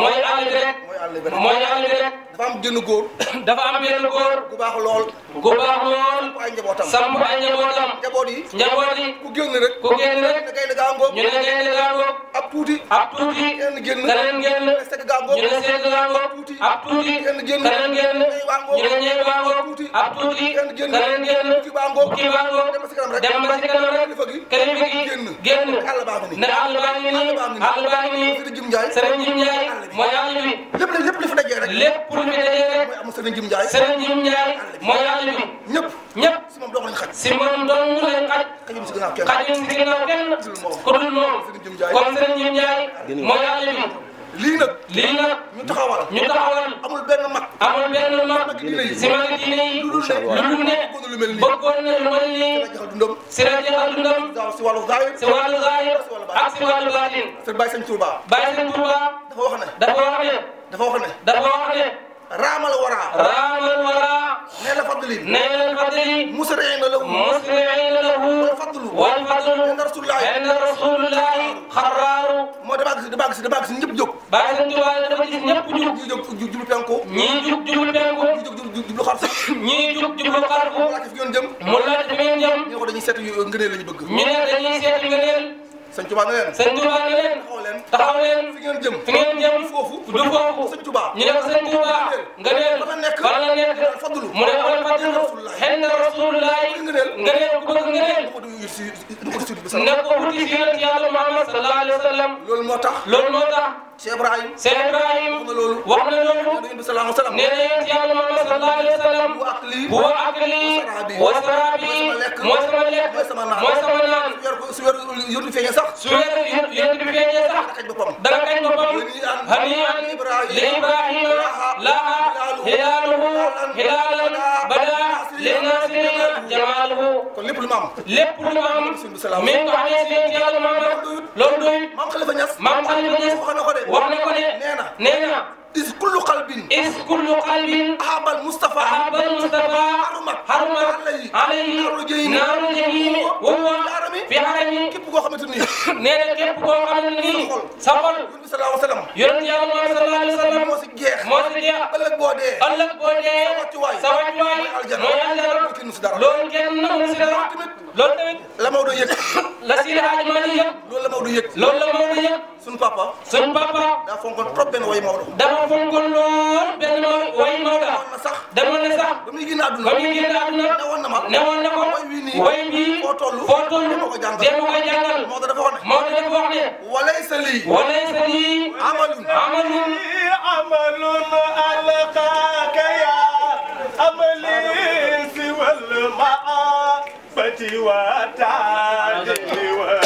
mooy àll bi rek mooy àll bi rek. mooy àll bi rek mooy àll bi rek. dafa am genn góor. dafa am lool. gu baax ay njabootam samp ku génn rek. ku génn rek. ab tuuti. ab tuuti. kenn génn keneen ab tuuti. kenn génn keneen génn. ñu ne ñeew gaa ngóob. rek. dem ba si kanam rek. nii. àll baa ngi nii sëriñ Jim Ndiaye mooy àll bi lépp lépp lu fi dajee rek lépp lu fi dajee rek mooy amul sëriñ Jim Ndiaye sëriñ Jim Ndiaye mooy àll bi ñëpp ñëpp si moom dong lañ xaj si moom dong lañ xaj xajul si ginnaaw kenn ku dul moom kon sëriñ Jim Ndiaye mooy àll bi lii nag lii nag ñu taxawal ñu taxawal amul benn mag amul benn mag si mag diine yi lu dul ne bëggoon na lu mel nii si la jeexal dundam si wàllu zaahir si wàllu zaahir ak si wàllu baatin Baye Sëñ Touba Baye Sëñ Touba dafa wax ne dafa wax ne dafa wax ne raamal waraa. raamal neel fadli. fadli. musri'ina lahu. musri'ina lahu. wal fadlu. wal fadlu. rasulullahi. inna moo damaa gis damaa gis damaa gis jublu penku. ñii jublu penku. ñii jublu xarfu. ñii jublu xarfu. mu laajte fi ngeen jëm. mu sëñ Tuba ne leen sëñ Tuba ne leen taxaw leen taxaw leen fi ngeen jëm fi ngeen jëm foofu du foofu sëñ Tuba ñu ne ko sëñ Tuba nga neel bala nekk bala ne ko wuti si yonent yàlla Muhammad sallallahu alayhi wa Cheikh Ibrahim Cheikh Ibrahim wax na loolu wax na loolu nee na yéen yàlla Muhammad sallallahu alayhi wa sallam wa akli wa akli wa sarabi mooy sama lekk mooy sama naan mooy sama naan su weer yónni feeñee sax su weer yónni feeñee sax dana kañ boppam haniyan li Ibrahima laha hilaaluhu hilaalan bada li naasirina jamaaluhu kon lépp lu ma am lépp lu ma am mi ngi ko amee si yéen yàlla Muhammad loolu doyut maam wax na ko ne nee na nee na is kullu qalbin is kullu qalbin ahabal mustafa ahabal mustafa harumat harumat alayhi naaru jahimi wa huwa fi harami képp koo xamante ni nee na képp koo xamante ni sa xol yonent yàlla moom sallallahu alayhi wa sallam moo si jeex moo si jeex ëllëg boo dee ëllëg boo dee sa wàccuwaay mooy aljana loolu kenn nangu si dara loolu tamit la Maodo yëg la si Haaji Maalik yëg loolu la Maodo yëg loolu la Maodo yëg suñu papa. suñu papa. daa fonkoon trop benn way Maodo. dafa fonkoon lool benn way Maodo. demoon na sax. ba muy génn àdduna. ba muy génn àdduna. newoon na ma. newoon na ko. way bii foo toll. foo toll dama ko jàngal. Maodo dafa wax ne. Maodo dafa wax ne. walay sa lii. walay sa lii. amalun. amalun. amalun alqaaka yaa amali si wal maa bati wa taajali wa.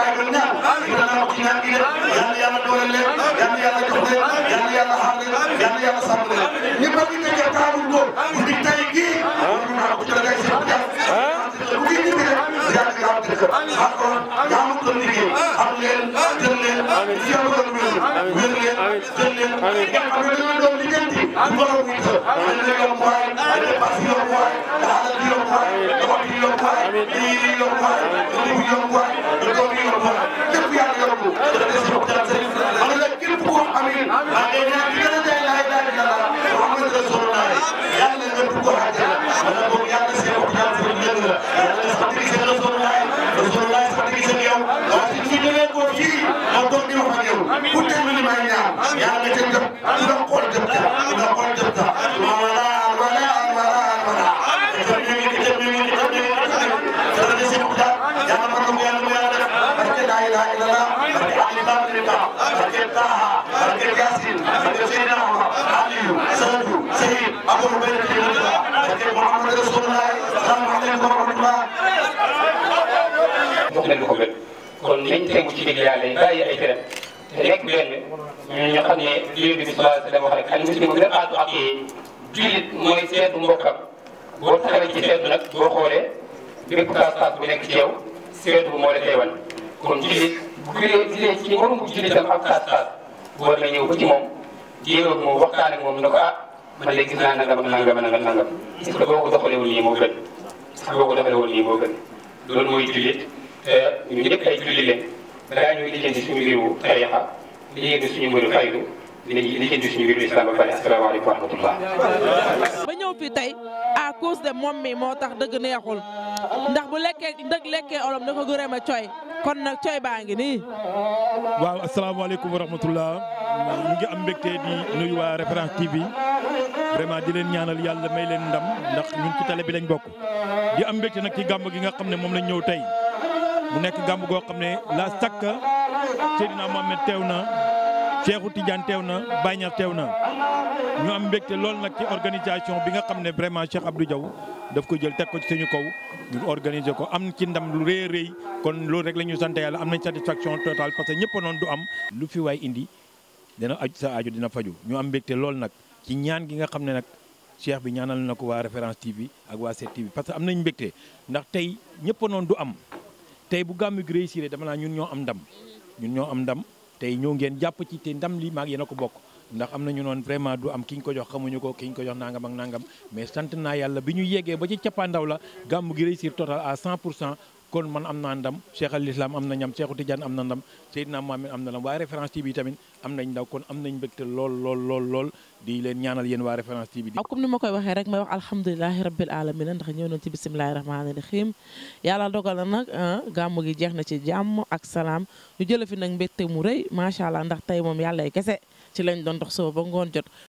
bàyyi doon ñaan yal na ko a ñaan gi de yal na yàlla dooleel leen yal na yàlla jox leen yal na yàlla xam leen yal na yàlla sàmm leen ñu bëgg nga taamu góor bu di tey gii ñu naan ko ci la ngay seet kër am ko am ko liggéey am leen jël leen yéen ko wér wér leen jël leen nga xam ne dañoo doon liggéeyanti bu borom bi sa ay léegam waay ay pass yoon waay daal di yoon waay dox di yoon waay lii di yoon waay lii di yoon waay doom di yoon waay lépp yaa yor ko da des ko dal sëriñ am na képp ko amin maa ngi ñaan di gën a day laay laay dala wax nga ko solo laay yàlla nga ko xajal yàlla boobu yàlla seen ko dal sëriñ yàlla yàlla sax di seen solo laay yow waaye su jëlee ko fii ma toog di wax ak yow ku teg lu ne may ñaar yàlla ca jëm ku la xool jëm ca ku la xool jëm ca wala wala wala wala jëm ñu ngi jëm ñu ngi jëm ñu ngi jëm dara di seen kuta yàlla ma ko yàlla mu yàlla def barke laa ilaha illallah barke ali babri ba barke taha barke yasin barke seydina aliyu sadu sahid abu ubayda barke muhammad rasulullah salaam aleykum wa rahmatullah kenn du ko gën kon nañ tegu ci digle yàlla yi bàyyi ay teram te nekk benn ñu ñu xam ne lii bi sallallahu alayhi wa sallam wax rek al muslimu mir'atu akhihi jullit mooy seetu mbokkam boo taxawee ci seetu nag boo xoolee bépp kaas-kaas bu nekk ci yow seetu moo la teewal kon jullit bu gisee ci moromu jullitam ak kaas-kaas war na ñëw ba ci moom jéeróog moom waxtaan ak moom ne ko ah man de gis naa nangam ak nangam ak nangam nangam est-ce que boo ko doxalewul nii moo gën est-ce que boo ko doxalewul nii moo gën loolu mooy jullit te ñun ñëpp ay julli leen ba wa rahmatullah. ba ñëw fi tey à cause de moom moo tax dëgg neexul ndax bu lekkee dëgg lekkee olom na ko gërëm a cooy kon na cooy baa ngi nii. waaw asalaamaaleykum wa rahmatullah ñu ngi am mbégte di nuyu waa référence TV. vraiment di leen ñaanal yàlla may leen ndam ndax ñun ci télé bi lañ bokk di am mbégte nag ci gàmb gi nga xam ne moom lañ ñëw tey mu nekk gàmb goo xam ne la sàkk Seydina Mohamed teew na Cheikhou Tidiane teew na Baye Niass teew na ñu am mbégte lool nag ci organisation bi nga xam ne vraiment Cheikh Abdou Diaw daf ko jël teg ko ci suñu kaw ñu organiser ko am ci ndam lu rëy rëy kon loolu rek la ñu sant yàlla am nañ satisfaction totale parce que ñëpp noonu du am lu fi waay indi dina aju sa aju dina faju ñu am mbégte lool nag ci ñaan gi nga xam ne nag cheikh bi ñaanal na ko waa référence TV ak waa 7TV parce que am nañ mbégte ndax tey ñëpp noonu du am tey bu gàmmu gi réussir dama naa ñun ñoo am ndam ñun ñoo am ndam tey ñoo ngeen jàpp ci te ndam li maag yéen ko bokk ndax am nañu noon vraiment du am kiñ ko jox xamuñu ko ki ko jox nangam ak nangam mais sant naa yàlla bi ñu yéegee ba ci cappaandaw la gàmmu gi réussir total à cent pour cent kon man am naa ndam Cheikh am na ñam Cheikhu Tidiane am na ndam Seydina Mohamed am na ndam waa référence TV tamit am nañ ndaw kon am nañ mbégte lool lool lool lool di leen ñaanal yéen waa référence TV. waaw comme ni ma koy waxee rek may wax alhamdulilahi rabbil na ndax ñëw nañ ci bisimilahi rahmaani rahim yàlla dogal na a ah, gàmmu gi jeex na ci jàmm ak salaam ñu jëlee fi nag mbégte mu rëy macha allah ndax tey moom yàlla kese ci lañ doon dox suba ba ngoon